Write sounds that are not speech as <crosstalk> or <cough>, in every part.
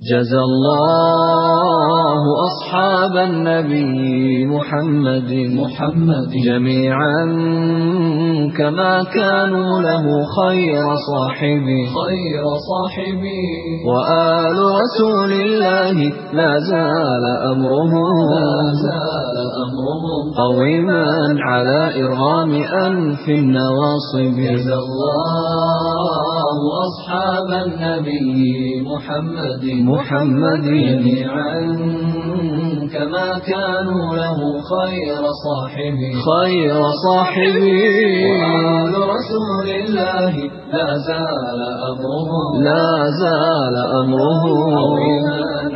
جزى الله أصحاب النبي محمد محمد جميعا كما كانوا له خير صاحبي خير صاحبي وآل رسول الله لا زال أمرهم لا زال قويما على إرغام أنف النواصب جزى الله أصحاب النبي محمد محمد جميعا كما كانوا له خير صاحبي خير صاحبي وآل رسول الله لا زال أمره لا زال أمره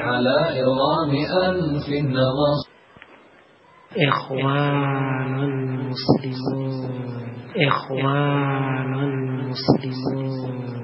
على إرغام أنف النظر إخوان المسلمون إخوان المسلمون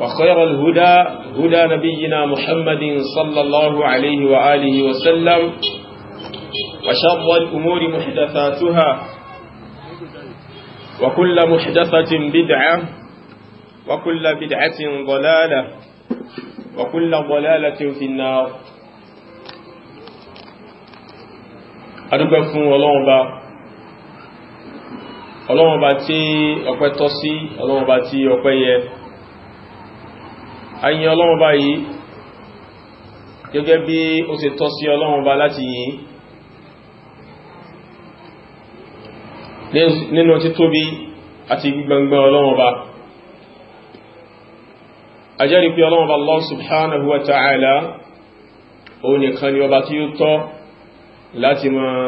وخير الهدى هدى نبينا محمد صلى الله عليه وآله وسلم وشر الأمور محدثاتها وكل محدثة بدعة وكل بدعة ضلالة وكل ضلالة في النار أدوك فون ولومبا ọlọ́wọ́n bá tí ọpẹ́ tọ́ sí ọlọ́wọ́n bá tí ọpẹ́ yẹ ayin ọlọ́run bá yìí gẹ́gẹ́ bí ó ṣe tọ́ sí ọlọ́run bá láti yìí nínú títóbi àti gbígbàngbà ọlọ́run bá ajẹ́rì pé ọlọ́run bá Allah subhanahu wa ta'ala ó nìkan ni ọba tí ó tọ́ láti máa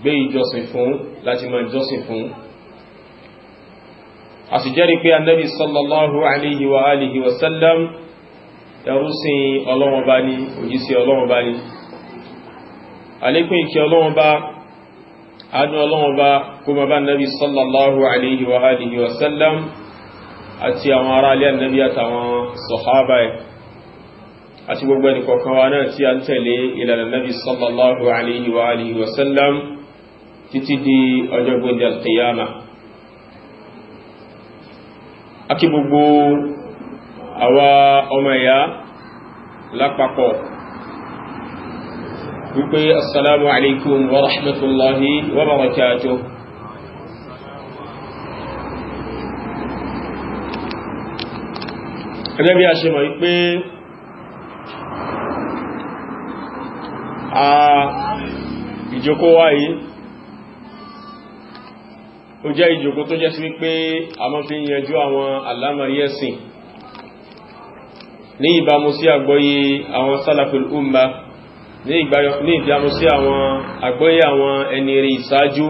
gbé ìjọsìn fún láti máa jọsìn fún a sì jẹ́rì pé annabi sallallahu alaihi wa alihi wasallam ẹrúsìn ọlọ́wọ́n bá ní òjísí ọlọ́wọ́n bá ní alékún ìkẹ́ ọlọ́wọ́n bá adún ọlọ́wọ́n bá kó ma bá nabi sallallahu alaihi wa alihi wa sallam àti àwọn ará alẹ́ nabi àtàwọn sọ̀hábà ẹ̀ àti gbogbo ẹni kọ̀kan wa náà tí a ń tẹ̀lé àwa ọmọ ìyá lápapọ̀ wípé assalamu alaikum wa rahmatullahi wa barakatuh ẹgbẹ́ bí a ṣe mọ̀ wípé a ìjókòó wa yìí ó jẹ́ ìjókòó tó jẹ́ sí wípé a mọ́ fi ń yanjú àwọn àlámọ̀rí ẹ̀sìn ní ìbámu sí àgbọ́yé àwọn salaful umma ní ìbámu sí àwọn àgbọ́yé àwọn ẹni rí ìsáájú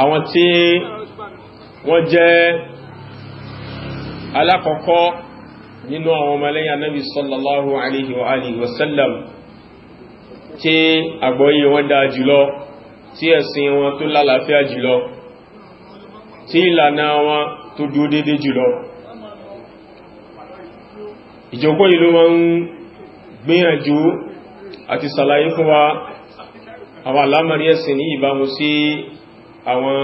àwọn tí wọ́n jẹ́ alákọ̀ọ́kọ́ nínú àwọn ọmọlẹ́yìn anábi sallallahu alaihi wa alihi wasallam tí àgbọ́yé wọn dáa jùlọ tí ẹ̀sìn wọn tó lálàáfíà jùlọ tí ìlànà wọn tó dúó dédé jùlọ ìjọkó yìí ló ń gbìyànjú àti sàlàyé fún wa àwọn alámàrí ẹ̀sìn ní ìbámu sí àwọn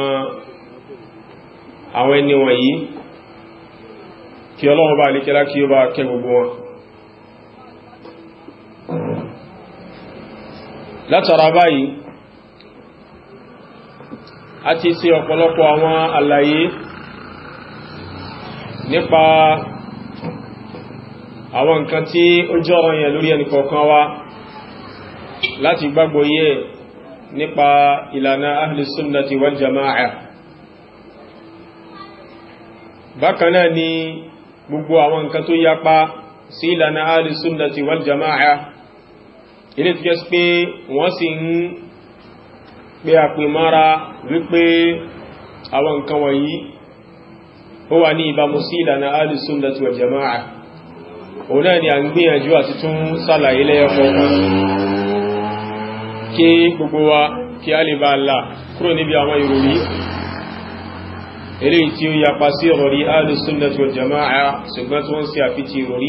àwọn ẹni wọ̀nyí kí ọlọ́run bá lè kẹ́lá kí ó bá kẹ́ gbogbo wọn látara báyìí a ti ṣe ọ̀pọ̀lọpọ̀ àwọn àlàyé nípa àwọn nǹkan tí ó jẹ́ yẹn lórí ẹni kọ̀ọ̀kan wa láti gbàgbọ́ yẹ nípa ìlànà ahli sunnati wal jama'a bákan náà ni gbogbo àwọn nǹkan tó yapa sí ìlànà ahli sunnati wal jama'a ilé tó jẹ́ sí pé wọ́n sì ń pé àpè mara wípé àwọn nǹkan wọ̀nyí ó wà ní ìbámu sí ìlànà ahli sunnati wal jama'a òun náà ni a ń gbìyànjú àti tún sàlàyé lẹ́yọkọ̀ọ̀kan kí gbogbo wa kí a lè bá là kúrò níbi àwọn ìròyìn eléyìí tí ó yapa sí ìròrí alùsùnnà wal jama'a ṣùgbọ́n tí wọ́n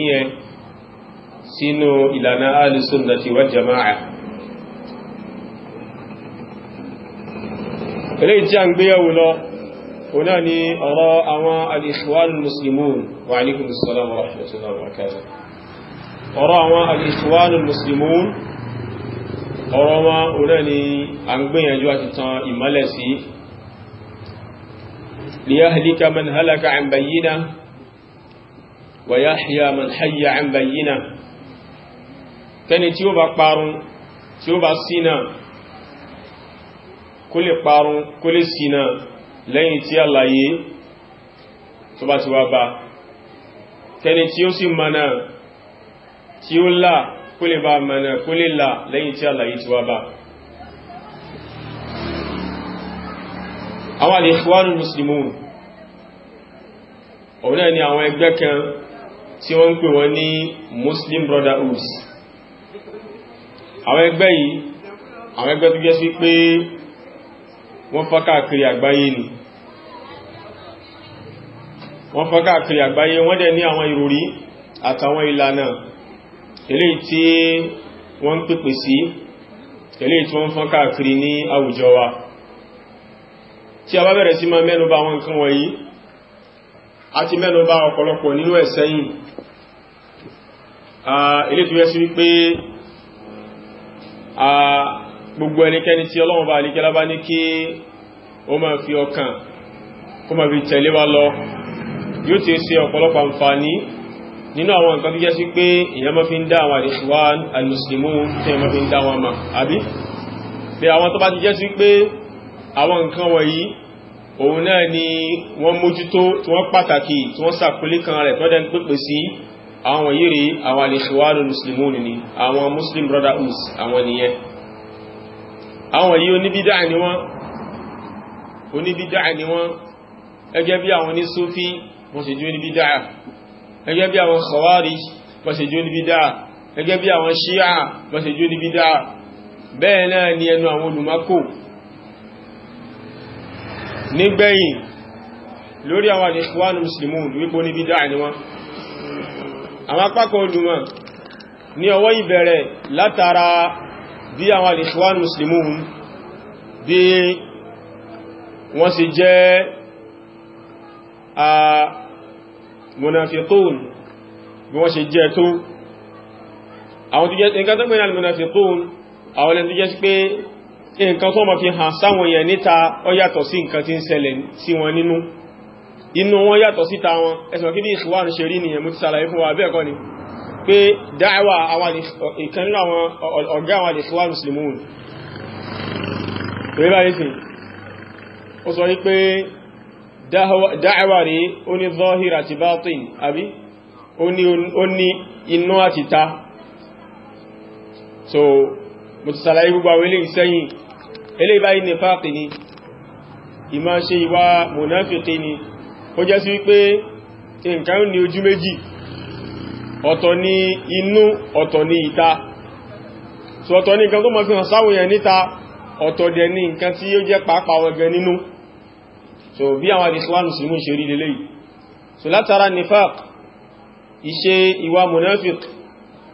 sì فلاني أرى أما الإخوان المسلمون وعليكم السلام ورحمة الله وبركاته أرى أما الإخوان المسلمون أرى أما أولاني أنقبين أجواء تتان إمالسي ليهلك من هلك عن بينة ويحيى من حي عن بينة كانت يوبا قارون يوبا سينا كل قارون كل سينا lẹ́yìn tí àlàyé tó bá ti wá bá kẹni tí ó sì mana tí ó là kó lè bá mana kó lè là lẹ́yìn tí àlàyé ti wá bá àwọn al-Ikhwanul Muslimun ni àwọn ẹgbẹ́ kan tí wọ́n ń pè wọ́n ní Muslim Brotherhood àwọn ẹgbẹ́ yìí àwọn ẹgbẹ́ tó jẹ́ sí pé wọ́n fọ́kàkiri àgbáyé ni wọ́n fọ́n káàkiri àgbáyé wọ́n dẹ̀ ní àwọn ìròrí àtàwọn ìlànà eléyìí tí wọ́n ń pèpè sí eléyìí tí wọ́n fọ́n káàkiri ní àwùjọ wa tí a bá bẹ̀rẹ̀ sí máa mẹ́nubà àwọn nǹkan wọ̀nyí a ti mẹ́nubà ọ̀pọ̀lọpọ̀ nínú ẹ̀ sẹ́yìn eléyìí tó yẹ sí wípé gbogbo ẹnikẹ́ni tí Ọlọ́run bá ní kí ó máa fi ọkàn kó máa fi tẹ̀lé wa lọ yóò ti ṣe ọ̀pọ̀lọpọ̀ àǹfààní nínú àwọn nǹkan tó jẹ́ sí pé èyàn mọ́ fi ń dá àwọn al-ikhwan al-muslimun tí èyàn mọ́ fi ń dá wọn ma àbí pé àwọn tó bá ti jẹ́ sí pé àwọn nǹkan wọ̀nyí òun náà ni wọ́n mójútó tí wọ́n pàtàkì tí wọ́n sàkúlé kan rẹ̀ tó dẹ́n pípè sí àwọn yìí rí àwọn al-ikhwan al-muslimun ni àwọn muslim brotherhoods àwọn nìyẹn àwọn yìí oníbídà ni wọ́n oníbídà ni wọ́n gẹ́gẹ́ bí àwọn onísúfí wọ́n ṣe jó ní bídá gẹ́gẹ́ bí àwọn Khawarij wọ́n ṣe jó ní bídá gẹ́gẹ́ bí àwọn Shia wọ́n ṣe jó ní ni ẹnu àwọn olùmọ́kò nígbẹ̀yìn lórí àwọn Ikhwanul Muslimun wípé ní bídá ni wọ́n àwọn apákan olùmọ̀ ní ọwọ́ ìbẹ̀rẹ̀ látara bí àwọn Ikhwanul Muslimun bí wọ́n ṣe jẹ́ munafiqun bí wọ́n ṣe jẹ́ tó àwọn tó jẹ́ nǹkan tó gbẹ̀yà munafiqun àwọn ẹni tó jẹ́ sí pé nǹkan tó ma fi hàn sáwọn èèyàn níta ó yàtọ̀ sí nǹkan tí ń ṣẹlẹ̀ sí wọn nínú inú wọn yàtọ̀ síta wọn ẹ̀sùn kí bí ìṣùwà ṣe rí nìyẹn mú ti sàlàyé fún wa bẹ́ẹ̀ ni pé dáẹwà ìkan nínú àwọn ọ̀gá àwọn ìṣùwà muslimun rí báyìí sí ó sọ wípé dáẹ̀wà rí ó ní zọ́hìr àti bátín àbí ó inú àti ta so mo ti sàlàyé gbogbo àwọn eléyìí sẹ́yìn eléyìí báyìí ní fáàkì ni ìmá ṣe ìwà mùnáfíkì ni ó jẹ́ sí wípé nǹkan ní ojú méjì ọ̀tọ̀ ni inú ọ̀tọ̀ ni ìta so ọ̀tọ̀ ni nǹkan tó mọ̀ fi hàn sáwọn èèyàn níta ọ̀tọ̀ dẹ̀ ni nǹkan tí ó jẹ́ pàápàá wọn nínú so bí àwọn àdìsíwánù sí mú ṣe rí lélẹ́ yìí so látara nifaq iṣẹ́ ìwà munafik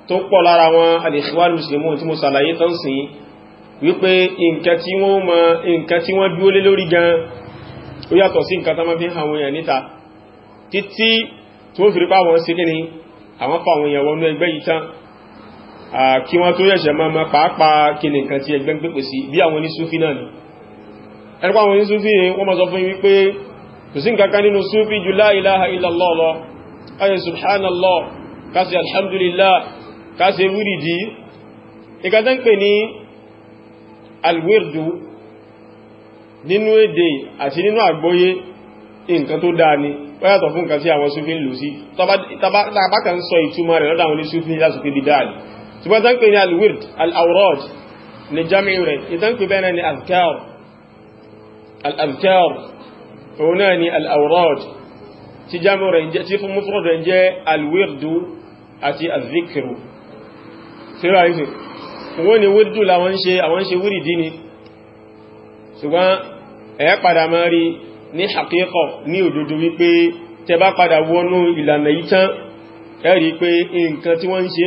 tó pọ̀ lára wọn àdìsíwánù sí mú tí mo sàlàyé tán sí wípé nǹkan tí wọ́n mọ̀ nǹkan tí wọ́n dúó lé lórí gan ó yàtọ̀ sí nǹkan tán fi hàn wọ̀nyàn níta títí tí ó fìrí pàwọn sí kíni àwọn pàwọn èèyàn wọnú ẹgbẹ́ yìí tán kí wọ́n tó yẹ̀ṣẹ̀ máa pàápàá kí nìkan tí ẹgbẹ́ ń pèpè sí bí àwọn oníṣúfí náà ni ẹ̀rọ àwọn oníṣúfí wọ́n máa sọ fún wípé kò sí nǹkan kan nínú súfí jù la ilaha illallah lọ káṣe subhanallah káṣe alhamdulillah káṣe wúrìdí ìkàtẹ́ ń pè ní alwirdu nínú èdè àti nínú àgbóyé nǹkan tó dáa ni ó yàtọ̀ fún nǹkan tí àwọn súfí ń lò sí tàbákà ń sọ ìtumọ̀ rẹ̀ lọ́dọ̀ àwọn oníṣúfí lásùfí bidal ṣùgbọ́n tán al-adhkar òun náà ni al-awrad tí jámọ́ rẹ̀ jẹ́ tí fún mufrad rẹ̀ jẹ́ al-wirdu àti al-dhikru síra ìsìn wọ́n ni wirdu láwọn ṣe àwọn ṣe wírìdí ni ṣùgbọ́n ẹ̀ padà máa rí ní haqiqah ní òdodo wípé tẹ bá padà wọnú ìlànà yìí tán ẹ rí pé nǹkan tí wọ́n ń ṣe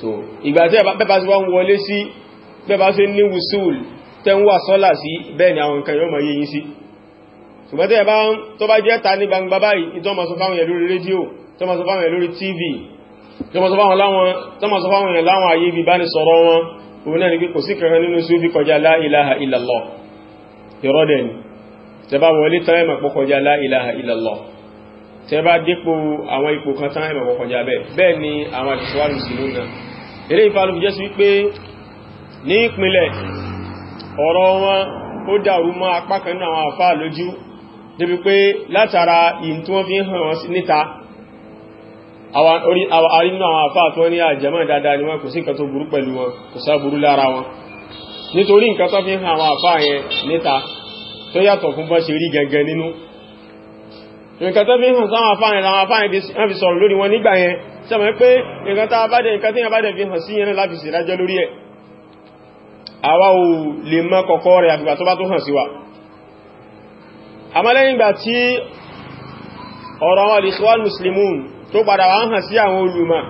so ìgbà tí ẹ bá pẹ́pàá sí wọ́n wọlé sí bẹ́bá sí ní wùsùl tẹ́wà sọ́là sí bẹ́ẹ̀ ni àwọn nǹkan yóò mọ̀ yíyí sí ṣùgbọ́n tẹ́ bá tó bá jẹ́ ta ní gbangba báyìí tó máa sọ fáwọn èèyàn lórí rédíò tv tó máa sọ fáwọn èèyàn láwọn ayé ibi bá ní sọ̀rọ̀ wọn òun náà ni ilaha illallah yọ̀rọ̀ dẹ̀ ni tẹ́ bá wọlé tán ilaha illallah tẹ́ bá dípò àwọn ipò kan tán ẹ̀mọ̀ pọ̀ kọjá bẹ́ẹ̀ bẹ́ẹ̀ ni àwọn àtìsíwájú sí lónà ní ìpínlẹ̀ ọ̀rọ̀ wọn ó dàrú mọ́ apá kan àwọn àfáà lójú débi pé látara ìyìn tí wọ́n fi ń hàn wọ́n níta àrí nínú àwọn àfáà tó ní àjẹmọ́ dáadáa ni wọ́n kò sí nǹkan tó burú pẹ̀lú wọn kò sá burú lára wọn nítorí nǹkan tó fi ń hàn àwọn àfáà yẹn níta tó yàtọ̀ fún bọ́n ṣe rí gẹ́gẹ́ nínú nǹkan tó fi ń hàn sáwọn àfáà yẹn láwọn àfáà yẹn fi sọ̀rọ̀ lórí wọn nígbà yẹn sẹ́mọ̀ pé nǹkan tó bá dẹ̀ nǹkan tó yẹn bá dẹ̀ fi hàn àwa ò lè mọ̀ kọ̀kọ̀ rẹ̀ àfìgbà tó bá tó hàn sí wa àmọ́ lẹ́yìn ìgbà tí ọ̀rọ̀ àwọn al-Ikhwan Muslimun tó padà wá hàn sí àwọn olùmọ̀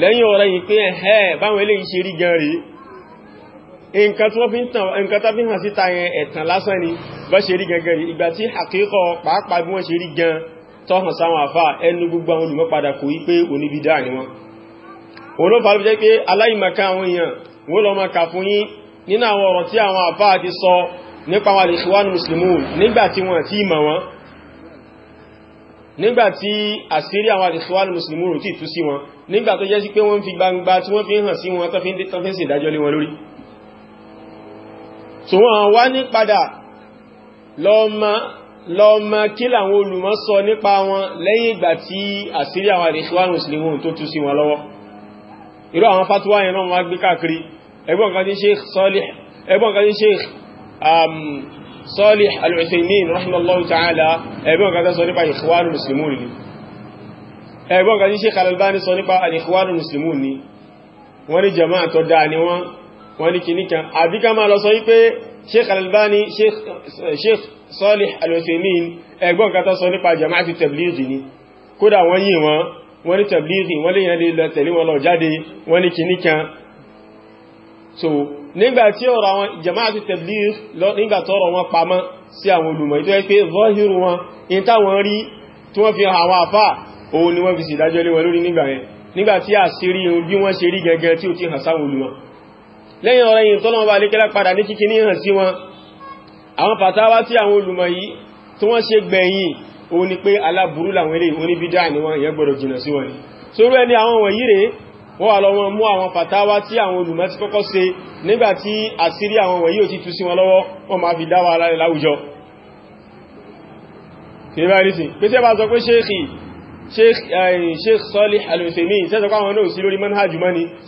lẹ́yìn ọ̀rẹ́ yìí pé ẹ̀hẹ́ báwọn eléyìí ṣe rí gan rí nǹkan tó fi hàn síta yẹn ẹ̀tàn lásán ni bá ṣe rí gan rí ìgbà tí àkíkọ pàápàá bí wọ́n ṣe rí gan wọ́n lọ máa kà fún yín nínú àwọn ọ̀rọ̀ tí àwọn àfáà ti sọ nípa wà lè ṣíwánú muslimun nígbàtí wọ́n ti mọ̀ wọ́n nígbàtí àṣírí àwọn àdìsíwánú muslimun ti tú sí wọn nígbà tó jẹ́ sí pé wọ́n fi gbangba tí wọ́n fi hàn sí wọn tán fi ń sì ìdájọ́ lé wọn lórí so wọ́n wá ní padà lọ kí làwọn olùmọ̀ sọ nípa wọn lẹ́yìn ìgbà tí àṣírí àwọn àdìsíwánú muslimun tó tú sí wọn lọ́wọ́ irú àwọn fatuwa yẹn náà wọ́n gbé káàkiri ẹgbọ́n nǹkan tí Sheikh Salih ẹgbọ́n nǹkan tí Sheikh um, Salih Al-Uthaymeen rahimahullahu ta'ala ẹgbọ́n nǹkan tí sọ nípa Ikhwanul Muslimun ni ẹgbọ́n nǹkan tí Sheikh Al-Albani sọ nípa Ikhwanul Muslimun ni wọ́n ní jama'a tó dáa ni wọ́n wọ́n ní kìníkan àbí ká máa lọ sọ wípé Sheikh Al-Albani Sheikh Salih Al-Uthaymeen ẹgbọ́n nǹkan sọ nípa jama'a ti Tablighi ni kódà wọ́n yìí wọ́n wọ́n ní tàbílì wọ́n lè yàn lè lọ tẹ̀lé wọn lọ jáde wọ́n ní kìíní kan so nígbàtí ọ̀rọ̀ àwọn jamaatu tàbílì nígbàtí ọ̀rọ̀ wọn pamọ́ sí àwọn olùmọ̀ ìtọ́ ẹ pé zọ́hírù wọn in táwọn rí tí wọ́n fi àwọn àfà òun ni wọ́n fi ṣèdájọ́ lé wọn lórí nígbà yẹn nígbàtí àṣírí ohun bí wọ́n ṣe rí gẹ́gẹ́ tí ó ti hàn sáwọn olùmọ̀ lẹ́yìn ọ̀rọ̀ yìí tọ́lọ́wọ́ ó ní pé aláburú làwọn eré oníbídá ni wọ́n ìyẹn gbọ́dọ̀ jìnà sí wọn sórú ẹni àwọn wọ̀nyí rèé wọ́n wà lọ wọn mú àwọn fàtáwá tí àwọn olùmọ̀ ti kọ́kọ́ ṣe nígbàtí àṣírí àwọn wọ̀nyí ò ti tú sí wọn lọ́wọ́ wọ́n máa sheikh Salih Al-Uthaymeen ṣe sọpá àwọn náà sí lórí manhaj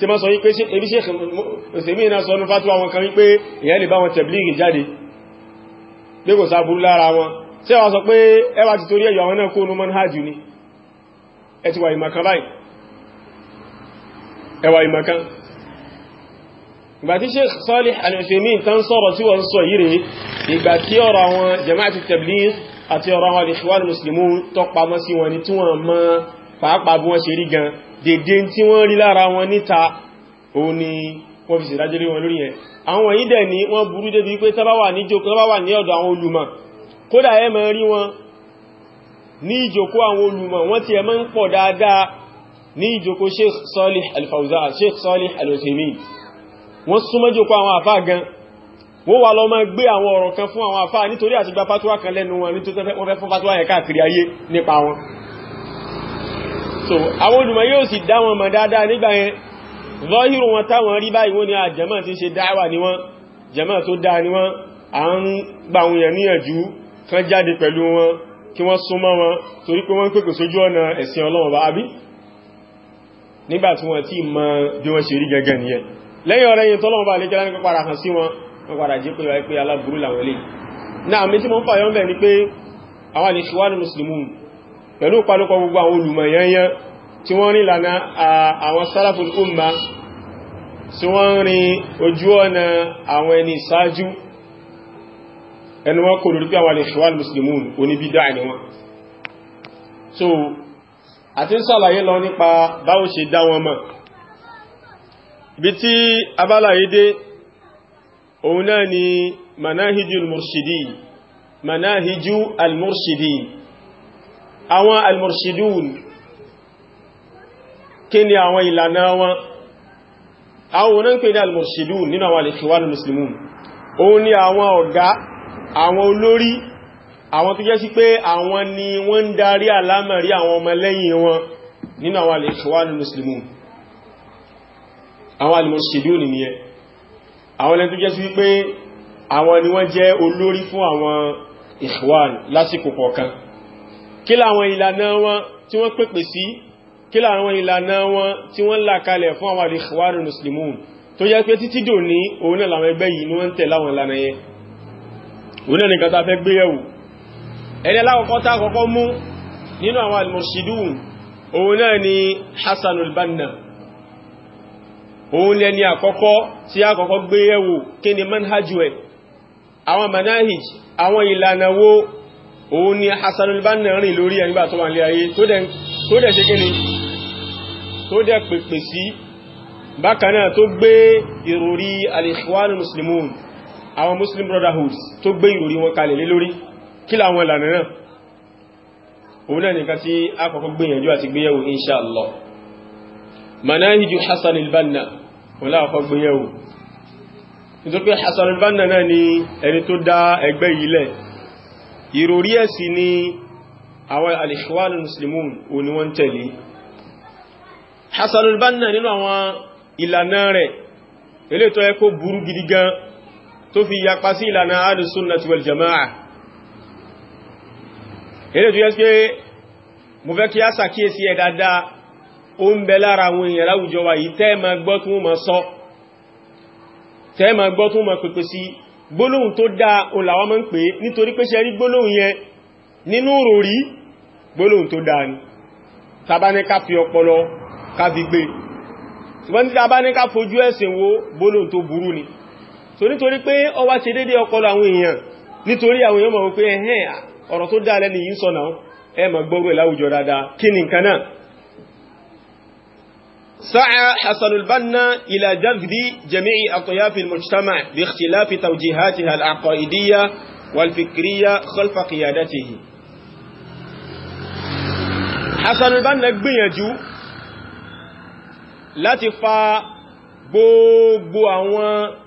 sheikh Uthaymeen náà sọ ní fàtíwà wọn kan wípé ìyẹn lè bá wọn tẹ̀blìgì jáde lára wọn ṣé wá sọ pé ẹwà ti torí ẹ̀yọ̀ àwọn náà kónú manhaj ni ẹ ti wà ìmọ̀kan báyìí ẹwà ìmọ̀kan ìgbà tí Sheikh Salih Al-Uthaymeen tán sọ̀rọ̀ tí wọ́n sọ yìí rèé ìgbà tí ọ̀rọ̀ àwọn jama'ati Tabligh àti ọ̀rọ̀ ni tí wọ́n mọ́ pàápàá bí wọ́n ṣe ni wọ́n fi ṣèdájọ́ lé wọn lórí yẹn àwọn yìí dẹ̀ ni wọ́n burú débi pé tábà wà ní ọ̀dọ̀ kódà ẹ máa rí wọn ní ìjòkó àwọn olùmọ̀ wọ́n ti ẹ máa ń pọ̀ dáadáa ní ìjòkó Sheikh Salih Al-Fawzan Sheikh Salih Al-Uthaymeen wọ́n súnmọ́ jòkó àwọn àfáà gan wọ́n wà lọ máa gbé àwọn ọ̀rọ̀ kan fún àwọn àfáà nítorí àti gba fatuwa kan lẹ́nu wọn nítorí wọ́n fẹ́ fún fatuwa yẹn káàkiri ayé nípa wọn so àwọn olùmọ̀ yóò sì dá wọn mọ̀ dáadáa nígbà yẹn zọ́hírù wọn táwọn rí báyìí ni a jẹ́mọ̀ tí ń ṣe dáwà ní wọn jẹ́mọ̀ tó kan jáde pẹ̀lú wọn kí wọ́n súnmọ́ wọn torí pé wọ́n ń pèpè sójú ọ̀nà ẹ̀sìn ọlọ́run bá àbí nígbàtí wọ́n tí mọ bí wọ́n ṣe rí gẹ́gẹ́ nìyẹn lẹ́yìn ọ̀rẹ́ yìí tọ́lọ́run bá lékẹ́lá ní pípàrà hàn sí wọn wọ́n padà jẹ́ pé wáyé pé aláburú làwọn ilé náà mi tí mo ń fàyọ́ ń bẹ̀ ni pé àwọn àlèṣíwáni mùsùlùmí pẹ̀lú ìpalọ́pọ̀ gbogbo àwọn olùmọ̀yányán tí wọ́n rìn lànà àwọn sálàfù umma tí wọ́n rìn ojú ọ̀nà àwọn ẹni ìsáájú ẹnu wọn kò lórí pé àwọn al-Ikhwan al ni wọn so àti ń sàlàyé lọ nípa báwo ṣe dá wọn mọ̀ ibi tí abala yìí dé òun náà ni manahiju al-murshidi manahiju al-murshidi àwọn al-murshidun kí ni àwọn ìlànà wọn àwọn onáńpẹ̀ ní al-murshidun nínú àwọn al-Ikhwan òun ni àwọn ọ̀gá àwọn olórí àwọn tó jẹ́ sí pé àwọn ni wọ́n ń darí àlámọ̀rí àwọn ọmọlẹ́yìn wọn nínú àwọn al-Ikhwanul Muslimun àwọn al-Murshidun nìyẹn àwọn ẹni tó jẹ́ sí wípé àwọn ni wọ́n jẹ́ olórí fún àwọn Ikhwan lásìkò kọ̀ọ̀kan kí láwọn ìlànà wọn tí wọ́n pèpè sí kí láwọn ìlànà wọn tí wọ́n là kalẹ̀ fún àwọn al-Ikhwanul Muslimun tó jẹ́ pé títí dòní òun náà làwọn ẹgbẹ́ yìí ni wọ́n ń tẹ̀ láwọn ìlànà yẹn oní ẹnìkan tá fẹ́ gbé yẹ̀wò ẹni alákọ̀ọ́kọ́ tá àkọ́kọ́ mú nínú àwọn al-murshidun òun náà ni Hasan al-Banna òun lẹni àkọ́kọ́ tí àkọ́kọ́ gbé yẹ̀wò kí ni manhajú ẹ̀ àwọn manahij àwọn ìlànà wo òun ni Hasan al rìn lórí ẹnigbà tó wà ní tó dẹ̀ ṣe kí tó dẹ̀ pèpè sí bákan tó gbé ìròrí al-Ikhwan àwọn muslim brotherhoods tó gbé ìròrí wọn kalẹ̀ lé lórí kí láwọn ìlànà náà òun náà nìkan tí a kọ́kọ́ gbìyànjú àti gbéyẹ̀wò inṣàlọ́ manahiju hassan al-banna òun láàkọ́ gbéyẹ̀wò nítorí pé hassan al-banna náà ni ẹni tó dá ẹgbẹ́ yìí lẹ̀ ìròrí ẹ̀sìn ni àwọn al-ikhwan muslimun òun ni wọ́n tẹ̀lé hassan al-banna nínú àwọn ìlànà rẹ̀ eléètọ́ ẹkó burú gidi gan tó fi yapa sí ìlànà ahlu sunnati wal jama'a ilé tó yẹ sí pé mo fẹ́ kí a sàkíyèsí ẹ̀ dáadáa ó ń bẹ lára àwọn èèyàn láwùjọ wa yìí tẹ́ ma gbọ́ tún ma sọ tẹ́ ma gbọ́ tún ma pèpè sí gbólóhùn tó dáa olàwọ́ ma ń pè nítorí pé ṣe rí ni tàbá ní ká fi ọpọlọ ká so nítorí pé ó wá ṣe dédé ọpọlọ àwọn èèyàn nítorí àwọn èèyàn mọ̀ pé ẹ̀hẹ́n ọ̀rọ̀ tó dáa lẹ́ni yìí sọ̀nà ẹ ma gbọ́rọ̀ ẹ̀ dáadáa kí ni nǹkan náà sa'a Hasan al-Banna ila jazbi jami'i atyaf al-mujtama' bi ikhtilafi tawjihatiha al-aqaidiyya wal-fikriyya khalfa qiyadatihi Hasan al gbìyànjú láti fa gbogbo àwọn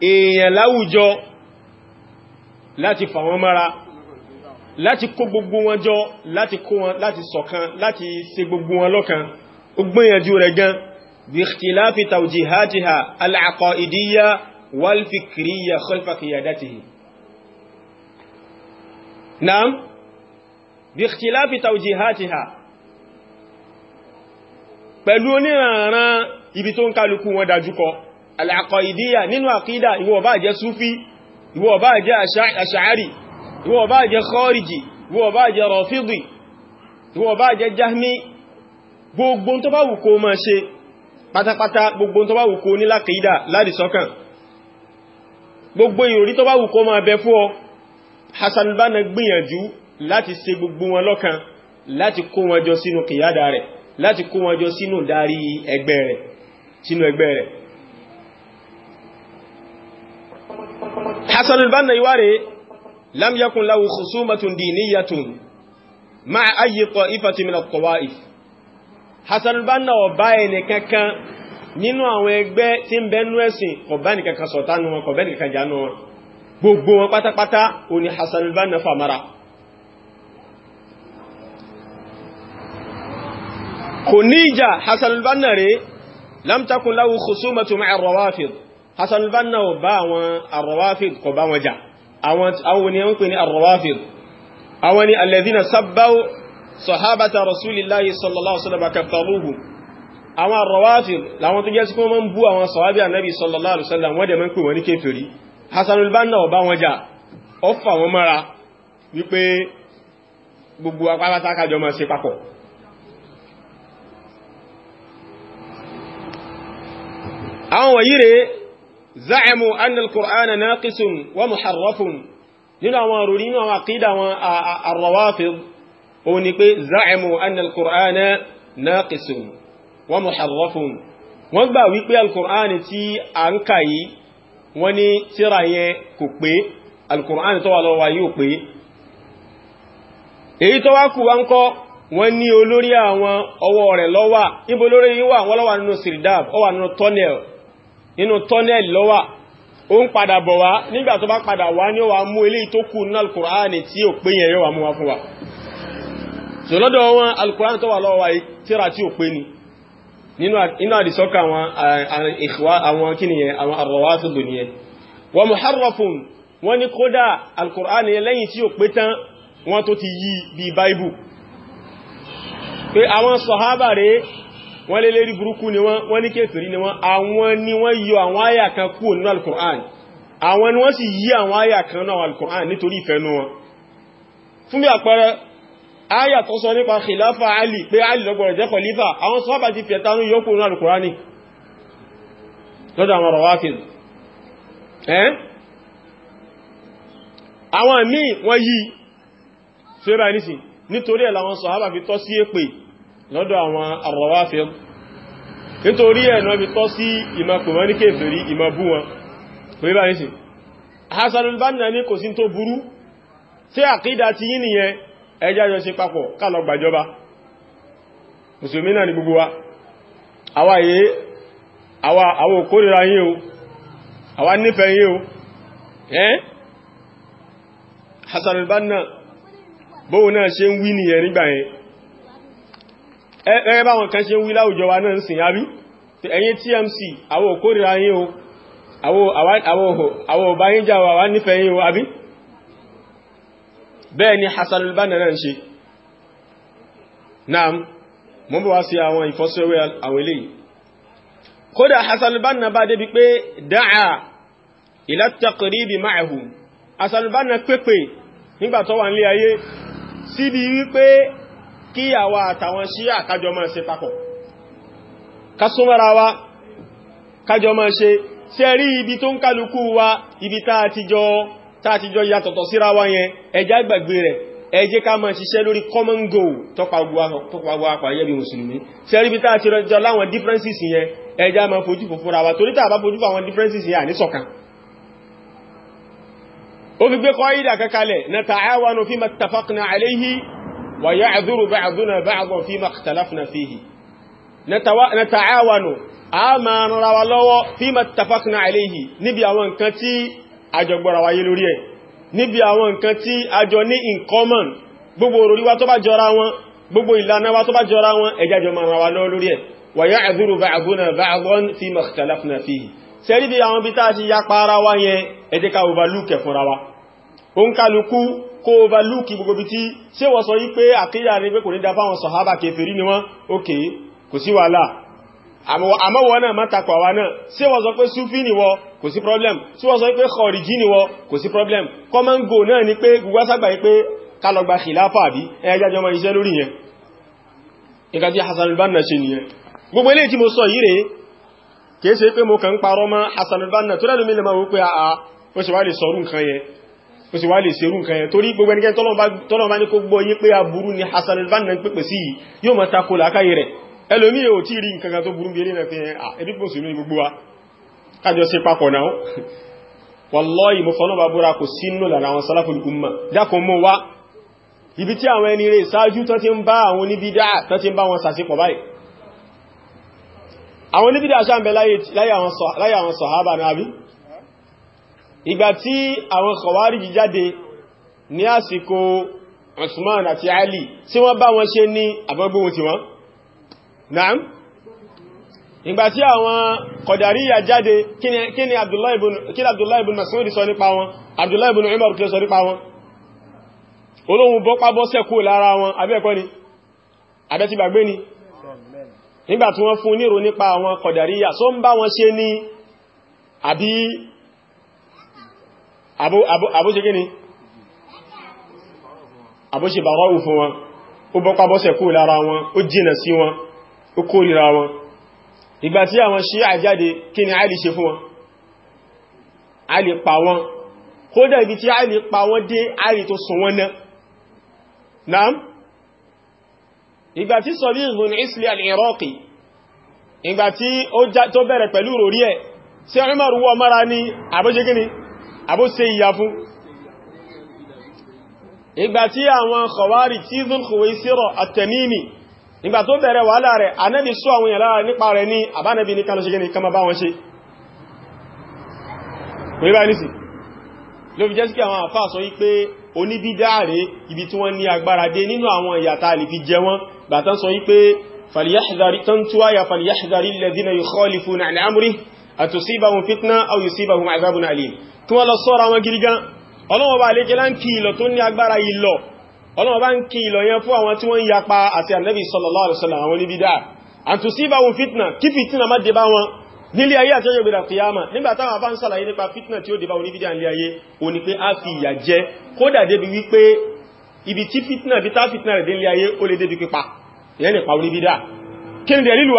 èèyàn láwùjọ láti fà wọ́n mára láti kó gbogbo wọn jọ láti kó wọn láti ṣọ̀kan láti ṣe gbogbo wọn lọ́kan ó gbìyànjú rẹ̀ gan bi ikhtilafi tawjihatiha al-aqaidiyya wal-fikriyya khalfa qiyadatihi naam bi ikhtilafi tawjihatiha pẹ̀lú oníranran ibi tó ń kálukú wọn dájúkọ alàkọ̀ìdíyà nínú àkídà ìwọ bá jẹ́ súfí ìwọ bá jẹ́ àṣàárì ìwọ bá jẹ́ kọ́rìjì ìwọ bá jẹ́ rọ̀fídì ìwọ bá jẹ́ jahmi gbogbo tó bá wù kó má ṣe pátápátá gbogbo tó bá wù kó ní lákìídà láti sọ́kàn gbogbo ìròrí tó bá wù kó má bẹ fún ọ Hassan Banna gbìyànjú láti ṣe sínú ẹgbẹ́ rẹ̀ Hassan al-Banna iware lam yakun lahu khusumatun diniyatun ma'a ayyi ta'ifati min at-tawa'if Hassan al-Banna ò bá ẹni kankan nínú àwọn ẹgbẹ́ tí ń bẹnu ẹ̀sìn kò bá nìkankan sọ̀tánu wọn kò bẹ́ nìkan jánu wọn gbogbo wọn pátápátá o ni Hassan al-Banna famara kò ní ìjà Hassan al-Banna rẹ̀ lam takun lahu khusumatu ma'a rawafid Hassan al-Banna ò bá àwọn arrawafid kò bá wọn jà àwọn ni wọ́n pè ní arrawafid àwọn ni alladhina sabbaw sahabata rasulillahi sallallahu alaihi wasallam kaftaruhu àwọn arrawafid làwọn tó jẹ́ sí kó máa ń bú àwọn sahabi annabi sallallahu alaihi wasallam wọ́n dẹ̀ máa ń pè wọ́n ní kèfèrí Hassan al-Banna wọn jà ó fà wọ́n mọ́ra wípé gbogbo apáratá kájọ máa ṣe papọ̀ àwọn wọ̀nyí rèé za'amu anna al-qur'ana naqisun wa muharrafun nínú àwọn àròrí nínú àwọn àkídà àwọn ar-rawafid ó ní pé za'amu anna al-qur'ana naqisun wa muharrafun wọ́n gbà wípé al-qur'ani tí a ń kà yìí wọ́n ní tírà yẹn kò pé al tó wà lọ́wọ́ wa yóò pé èyí tó wá kù wá ń kọ́ wọ́n ní olórí àwọn ọwọ́ rẹ̀ lọ́wà ibo lórí yíwà wọ́n nínú sirdab ó nínú tunnel nínú tọ́nẹ̀lì lọ́wà ó ń padà bọ̀ wá nígbà tó bá padà wá ní ó wá mú eléyìí tó kù nínú alkùránì tí ò pé yẹn yóò wá mú wá fún wa so lọ́dọ̀ wọn alkùránì tó wà lọ́wọ́ wa tíra tí ò pé ni nínú àdìsọ́kà àwọn kíníyẹn àwọn àrọ̀wátò lò níyẹn wọ́n muharrafun wọ́n ní kódà alkùránì lẹ́yìn tí ò pé tán wọ́n tó ti yí bí báíbù pé àwọn sọ̀hábà rèé wọ́n lé lérí burúkú ni wọ́n wọ́n ní kéfèrí ni wọ́n àwọn ni wọ́n yọ àwọn àyà kan kúrò nínú alukur'an àwọn ni wọ́n sì yí àwọn àyà kan nínú alukur'an nítorí ìfẹ́nu wọn fún bí àpẹẹrẹ àyà tó sọ nípa khilafa ali pé ali lọ́gbọ̀rọ̀ jẹ́ khalifa àwọn sọ́ọ́bà ti fẹ̀tánú yọkù nínú alukur'an ni lọ́dọ̀ àwọn rawafid ẹ́n àwọn míì wọ́n yí ṣe bá nísìn nítorí ẹ̀ làwọn sọ̀hábà fi tọ́ sí èpè lọ́dọ̀ àwọn Rawafid nítorí ẹ̀nà ibi tọ́ sí ìmọ̀pẹ̀wọ́n ní kèfèrí ìmọ̀bú wọn pé bá nìsìn Hasan al-Banna ní kò sí tó burú tí àkídà ti yí nìyẹn ẹjá jọ ṣe papọ̀ kálọ gbàjọba mùsùlùmí náà ni gbogbo wa àwa yé àwa àwọn òkórira yín o àwa nífẹ̀ẹ́ yín o ẹ́ Hasan al-Banna bóò náà ṣe ń wí nìyẹn nígbà yẹn ẹgbẹ́ báwọn kan ṣe ń wí láwùjọ wa náà ń sìn yá rí ẹ̀yin TMC àwọn òkórìíra yín o àwọn ọba yín jà wà nífẹ̀ẹ́ yín o àbí bẹ́ẹ̀ ni Hassan al-Banna náà ń pépè nígbà nílé ayé síbi wípé kí àwa àtàwọn sí àkájọ máa ṣe papọ̀ kásúnmọ́ra wa kájọ máa ṣe sí ẹ̀rí ibi tó ń kálukú wa ibi tààtijọ́ yàtọ̀tọ̀ síra wa yẹn ẹjá gbàgbé rẹ̀ ẹ ká máa ṣiṣẹ́ lórí common goal tọ́pa ó fi gbé kọ́ ìdà kankalẹ̀ na ta'awanu fima ittafaqna alayhi ويعذر بعضنا بعضا فيما اختلفنا فيه نتعاون اما نراوا لوو فيما اتفقنا عليه níbi àwọn nǹkan tí a jọ gbọ́ra wáyé lórí ẹ̀ níbi àwọn nǹkan tí a jọ ní in common gbogbo orí wa tó bá jọra wọn gbogbo ìlànà wa tó bá jọra wọn ẹja jọ máa rawa lọ́wọ́ lórí ẹ̀ ويعذر بعضنا بعضا فيما اختلفنا فيه sẹ́rí bí àwọn bí táà ti yapa ara wa yẹn ẹjẹ́ ká overlook ẹ̀ fúnra wa ó kálukú kó overlook gbogbo bí tí ṣé wọ́n sọ yí pé àkíyà rẹ̀ pé kò ní dá fáwọn sọ̀hábà kèfèrí ni wọ́n ok kò sí wàhálà àmọ́ wọ́n náà má takọ̀ àwa náà ṣé wọ́n sọ pé súfí ni wọ́n kò sí problem ṣé wọ́n sọ pé kọ̀ọ̀rìjì ni wọ́n kò sí problem common náà ni pé gbogbo àṣàgbà Hassan al-Banna ṣe nìyẹn gbogbo eléyìí tí mo mo kàn ń Hassan al-Banna tó lẹ́nu mi lè máa wó pé àà ó ó sì wá lè ṣerú nǹkan yẹn torí gbogbo ẹnikẹ́ tọ́lọ́run bá ní kó gbọ́ yé pé aburú ni Hassan al-Banna ń pèpè sí yóò máa tako làákàyè rẹ̀ ẹlòmí ò tí rí nǹkan tó burú bí eré náà pé ẹbí mùsùlùmí gbogbo wa kájọ sí papọ̀ náà <laughs> wallahi mo fọ́nà bá búra kò sínú lára àwọn salaful umma dákùn mọ́ wá ibi tí ìgbà tí àwọn kọ̀wárìjì jáde ní àsìkò Usman àti Ali tí wọ́n bá wọn ṣe ní àbọ́gbóhun ti wọ́n naam ìgbà tí àwọn kọ̀dàríyà jáde kí ni Abdullahi ibn Mas'ud sọ nípa wọn Abdullahi ibn Umar kí sọ nípa wọn olóhun bọ́pá bọ́sẹ̀ kú lára wọn abẹ́ẹ̀kọ́ ni abẹ́tìgbàgbé ni nígbà tí wọ́n fún níro nípa àwọn kọ̀dàríyà só ń bá wọn ṣe ní àbí àbóṣe gíní àbóṣe bàráwù fún wọn ó bọ́pá bọ́sẹ̀ kó lára wọn ó jìnà sí wọn ó kórìíra wọn ìgbà tí àwọn Ṣíà jáde kí ni Àlì ṣe fún wọn Àlì pa wọn kódà ibi tí Àlì pa wọn dé Àlì tó sùn wọn náà ìgbà tí sọ̀rí ìgbùn al-Iraqi ìgbà tí ó bẹ̀rẹ̀ pẹ̀lú rò rí ẹ̀ sí Umar wọ àbó ṣe ìyà fún ìgbà tí àwọn kọwàrí tí zùn kòwé sírọ̀ àtẹ̀mìmì ìgbà tó bẹ̀rẹ̀ wàhálà rẹ̀ anẹ́bì sọ àwọn èèyàn lára nípa rẹ̀ ní àbánẹ́bì ní kánà ṣe kama bá wọn ṣe pẹ̀lú bá nìsì ló fi jẹ́ sí àwọn àfáà àtùsíbàhùn fitna aw yusíbàhùn azabun alim kí wọ́n lọ sọ́ra wọn gidi gan ọlọ́wọ́ bá lékelá ń kí ìlọ̀ tó ní agbára ìlọ̀ ọlọ́wọ́ bá ń kí ìlọ̀ yẹn fún àwọn tí wọ́n ń yapa àti ànábì sallallahu alaihi wasallam àwọn oníbídà àtùsíbàhùn fitna kí fitna má dé bá wọn nílé ayé àti ọjọ́ ìgbèrà kìyàmà nígbà táwọn afá ń sàlàyé nípa fitna tí ó dé bá oníbídà nílé ayé o ní pé a fi ìyà jẹ kódà débi wípé ibi tí ni dẹ̀ nílùú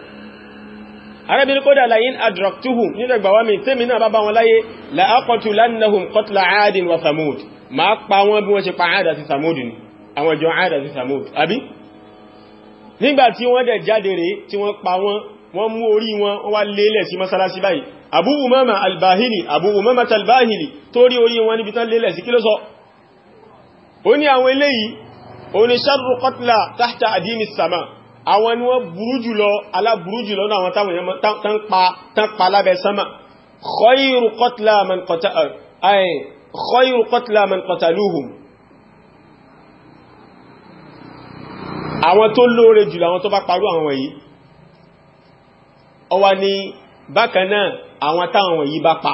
arábìnrin kódà láyín adraktuhu nílẹ̀ gbàwá mi tẹ́mi náà bá bá wọn láyé la'aqtulannahum qatla aadin wa samud ma pa wọn bí wọ́n ṣe pa aada sí samud ni àwọn ìjọ aada sí samud àbí nígbàtí wọ́n dẹ̀ jáde rèé tí wọ́n pa wọn wọ́n mú orí wọn wá lélẹ̀ sí masalasi báyìí abu àwọn ni wọ́n burú jùlọ aláburú jùlọ náà àwọn táwọn èèyàn tán pa lábẹ́ sánmà khayru qatla man qata'a ay khayru qatla man qataluhum àwọn tó lóore jùlọ àwọn tó bá parú àwọn wọ̀nyí ọwà ni bákan náà àwọn táwọn wọ̀nyí bá pa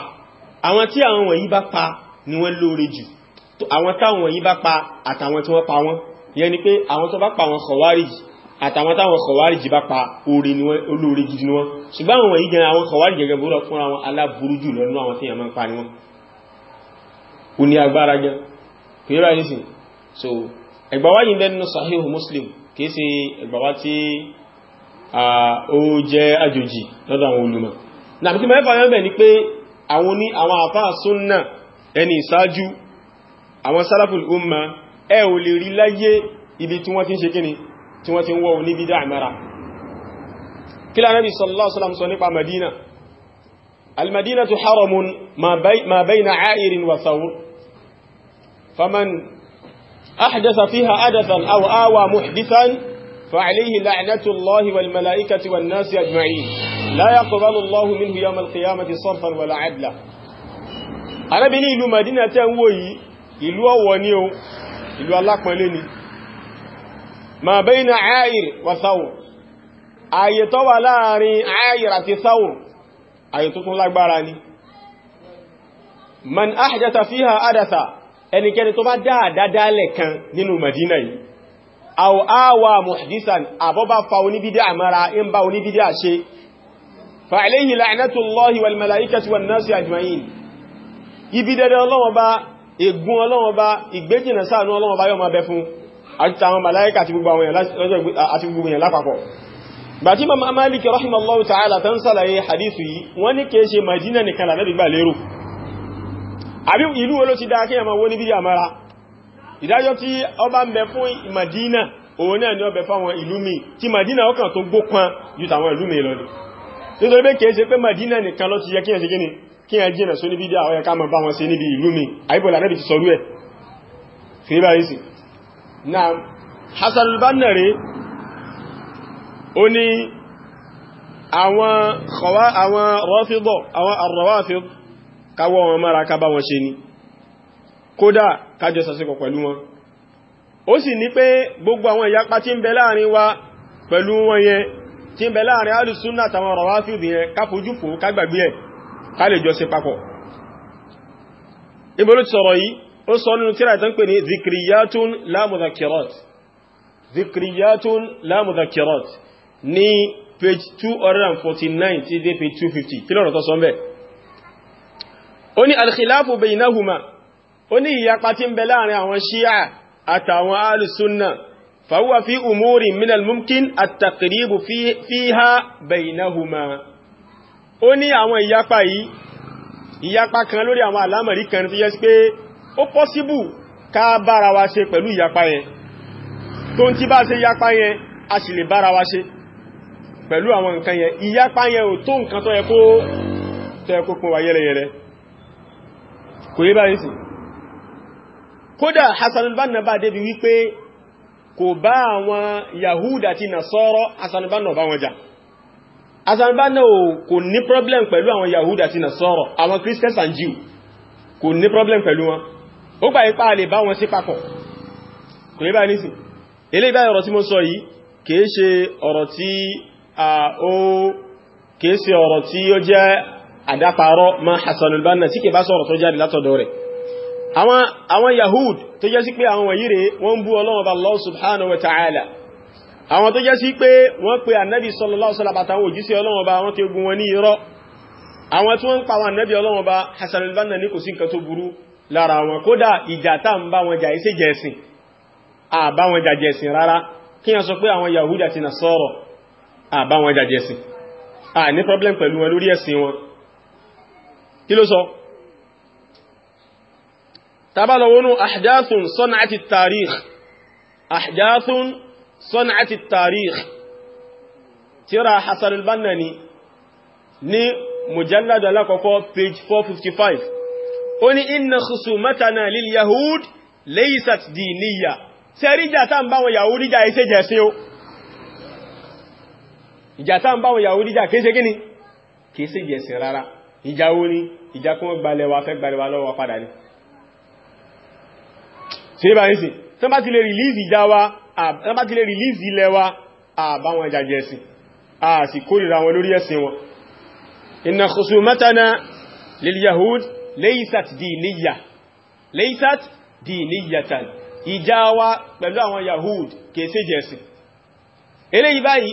àwọn tí àwọn wọ̀nyí bá pa ni wọ́n lóore jù àwọn táwọn wọ̀nyí bá pa àtàwọn tí wọ́n pa wọ́n yẹn ni pé àwọn tó bá pa àwọn khawarij àtàwọn táwọn kọ̀wárì jì bá pa orí ni wọ́n olóore gidi ni wọ́n ṣùgbọ́n àwọn yìí jẹ́ àwọn kọ̀wárì gẹ́gẹ́ búrọ̀ fúnra wọn aláburú jù lọ nínú àwọn tí èèyàn ń pa ni wọ́n ní agbára gan kìí bá nísìn so ẹgbà wáyé ń muslim kìí ṣe ẹgbà wá tí ó jẹ́ àjòjì lọ́dọ̀ àwọn olùmọ̀ nàbí kí mẹ́fà yọ́n bẹ̀ ni pé àwọn ní umma ẹ ò lè rí láyé ibi tí wọ́n ti ń ṣe kíni tí wọ́n ti ń wọ́ ní bídá àmára kí lánàbí sallallahu alaihi wasallam sọ nípa madina almadinatu haramun ma bayna a'irin wa thawr faman ahdatha fiha adathan aw awa muhdithan فعليه لعنة الله والملائكة والناس أجمعين لا يقبل الله منه يوم القيامة صرفا ولا عدلا أنا بني إلو مدينة تنوي إلو أوانيو إلو الله قماليني ma bayna ayir wa thawr ààyè tó wà láàrin ayir àti thawr ààyè tó tún lágbára ni man ahdatha fiha adatha ẹnikẹ́ni tó bá dáadáa lẹ́kan nínú madina yìí aw awa muhdisan àbọ́bá fa oníbídí àmara in bá oníbídí àṣe fa alayhi la'natullahi wal mala'ikati wan nasi ajma'in ibi dẹ̀dẹ̀ ọlọ́wọ́ bá ègún ìgbéjìnà sáànú ọlọ́wọ́ bá yọ́ ma bẹ fún àti àwọn màláíkà àti gbogbo èèyàn lápapọ̀ gbàtí ma Málìkì rahimallahu ta'ala tán sàlàyé hadithu yìí wọ́n ní kìí ṣe Madina nìkan lànàbí gbà lérò àbí ìlú wo ló ti dá kíyàmà wó níbi àmára ìdájọ́ tí ọba ń bẹ fún Madina òun náà ni ọbẹ̀ fáwọn ìlú mi tí Madina ọkàn tó gbókan ju tàwọn ìlú mi lọ ni nítorí pé kìí ṣe pé Madina nìkan ló ti yẹ kíyàn ṣe kíni kíyàn jìnà só níbi dá ọyẹ ká mọ̀ bá wọn ṣe níbi ìlú mi àyíbọ̀lá náà ti sọrú ẹ̀ na Hasan al-Banna rẹ̀ ó ní àwọn rọ́fíbọ̀ àwọn arọ́wáfíb káwọ́ wọn mara ká bá wọn ṣe ni kódà kájọ sàṣẹ́kọ̀ pẹ̀lú wọn ó sì ní pé gbogbo àwọn ìyapa tí ń bẹ láàrin wa pẹ̀lú wọn yẹn tí ń bẹ láàrin alùsúnnà àtàwọn rọ̀wáfíìd yẹn káfojúfò kágbàgbé ẹ̀ ká lè jọ ṣe papọ̀ ibo ló ti sọ̀rọ̀ yìí ó sọ nínú tíra ìtàn pè ní zikriyatun lamudhakirat zikriyatun lamudhakirat ní page 249 tí dé page 250 kí lọ́rọ̀ tó sọ mẹ́ ó ní alkhilafu baynahuma ó ní ìyapa tí ń bẹ láàrin àwọn ṣíà àtàwọn alùsúnnà fàwọ́ fi umuri minal mumkin àtàkìríbù fiha baynahuma ó ní àwọn ìyapa yìí ìyapa kan lórí àwọn alámọ̀rí kan tí yẹ́ pé ó pọ́síbù ká bára wa ṣe pẹ̀lú ìyapa yẹn tó ń tí bá ṣe yapa yẹn a sì lè bára wa ṣe pẹ̀lú àwọn nǹkan yẹn ìyapa yẹn ò tó nǹkan tó yẹ kó tó yẹ kó pín wa yẹ́lẹ̀yẹ́lẹ́ kò yé báyìí sí kódà Hassan al-Banna bá débi wípé Yahuda àti Nasara Hassan al-Banna bá problem pẹ̀lú àwọn Yahuda àti Nasara àwọn Christians and Jew kò ní problem pẹ̀lú wọn ó gbà ipá lè bá wọn sí papọ̀ kò lè bá nísìn ilé ìbá ọ̀rọ̀ tí mo sọ yìí kìí ṣe ọ̀rọ̀ tí ó kìí ṣe ọ̀rọ̀ tí ó jẹ́ àdáparọ́ ma Hassan al-Banna tí kìí bá sọ̀rọ̀ tó jáde látọ̀dọ̀ rẹ̀ àwọn Yahud tó jẹ́ sí pé àwọn wọ̀nyí rẹ̀ wọ́n bú Ọlọ́run Ọba Allah subhanahu wa ta'ala àwọn tó jẹ́ sí pé sallallahu alaihi wasallam àtàwọn òjíṣẹ́ Ọlọ́run Ọba wọ́n kí ogun wọn ní irọ́ àwọn tí Hassan al-Banna ní kò lára wọn kódà ìjà tá ń bá wọn jà ìsẹ́ jẹ́sìn àbá wọn jà jẹ́sìn rárá kí yàn sọ pé àwọn Yahudi àti Nasara àbá wọn jà jẹ́sìn à ní problem pẹ̀lú wọn lórí ẹ̀sìn wọn kí ló sọ tabalawonu ahdathun san'ati tarikh ahdathun san'ati tarikh tírà Hasan al-Banna ni ní mujallad alákọ̀ọ́kọ́ page 455 ó ní inna khusumatana lil yahud laysat diniya sẹ́ríjà tá ń bá wọn yahudi jà iṣẹ́ jẹ́ sí ó ìjà tá ń bá wọn yahudi jà kéṣe gíní kéṣe jẹ́ sí rárá ìjà wo ni ìjà kún gbalẹ̀ wa fẹ́ gbalẹ̀ lọ́wọ́ padà ní ṣe bá ń sí a sì kórìíra wọn lórí ẹ̀sìn leisat diniya leisat diniyatan ìjà wa pẹ̀lú àwọn Yahud kèsè jẹ́sìn eléyìí báyìí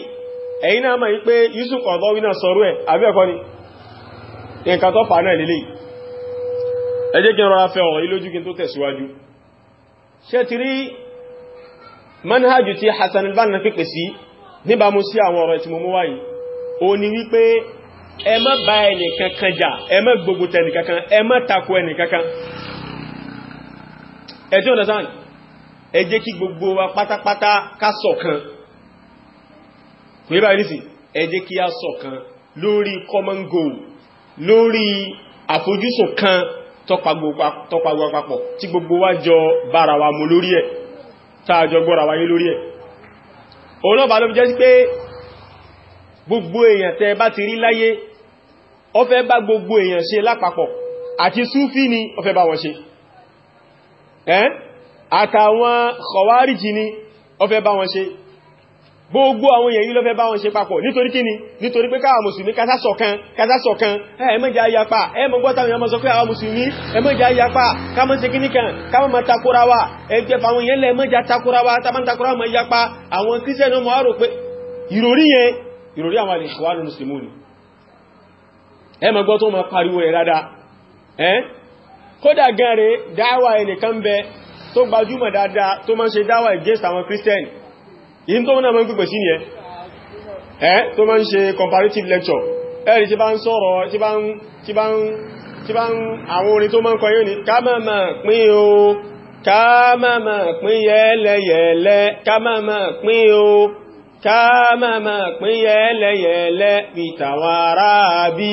ẹ̀yin náà mọ̀ pé Yusuf ọ̀dọ́wí náà sọ̀rọ̀ ẹ̀ àbí ẹ̀kọ́ ni nǹkan tó fà náà lélẹ̀ ẹ jẹ́ kí n rọra fẹ́ ọ̀rọ̀ yìí lójú kí n tó tẹ̀síwájú ṣe ti rí manhajù tí Hassan al-Banna pípẹ̀ sí níbàmú sí àwọn ọ̀rọ̀ ìtìmọ̀mọ́wáyìí ó ní wípé ẹ má bá ẹnìkan kan jà ẹ má gbogbo tẹ ẹnìkan kan ẹ má tako ẹnìkan kan ẹ tí ọ̀nà sáàni ẹ jẹ́ kí gbogbo wa pátápátá ká ṣọ̀kan kò yí báyìí nísì ẹ jẹ́ kí a ṣọ̀kan lórí common goal lórí àfojúsùn kan tọ́pagbogbo papọ̀ tí gbogbo wa jọ bára wa mú lórí ẹ̀ tá a jọ gbọ́ra wáyé lórí ẹ̀ òun náà bá ló fi jẹ́ sí pé gbogbo èèyàn tẹ bá ti rí láyé ó fẹ́ bá gbogbo èèyàn ṣe lápapọ̀ àti súfí ni ó fẹ́ bá wọn ṣe ẹ́n àtàwọn kọwárìjì ni ó fẹ́ bá wọn ṣe gbogbo àwọn èèyàn yìí ló fẹ́ bá wọn ṣe papọ̀ nítorí kíni nítorí pé káwa mùsùlùmí kásásọ̀kan kásásọ̀kan ẹ má jẹ́ ayapa ẹ má gbọ́ta àwọn ọmọ sọ pé àwa mùsùlùmí ẹ má ayapa kámọ́ ṣe kíní kan kámọ́ ma takora wa ẹgbẹ́ àwọn èèyàn lẹ má jẹ́ takora wa mọ́ yapa àwọn kírísẹ́nù mọ́ rò pé ìròrí àwọn alìṣòwánù mùsùlùmí ẹ ma gbọ́ tó ma pariwo ẹ̀ rádá ẹ́ kódà gan rẹ̀ dáwà ẹnìkan bẹ tó gbajúmọ̀ dáadáa tó ma ń ṣe dáwà against àwọn Christian yìí tó náà ma ń pípẹ̀ sí ni ẹ́ tó ma ń ṣe comparative lecture ẹ̀rì tí bá ń sọ̀rọ̀ ni ká máa máa pín o ká máa máa pín yẹ́lẹ́yẹ̀lẹ́ káàmà máa pín yẹ́lẹ́yẹ̀lẹ́ ìtàwárá bí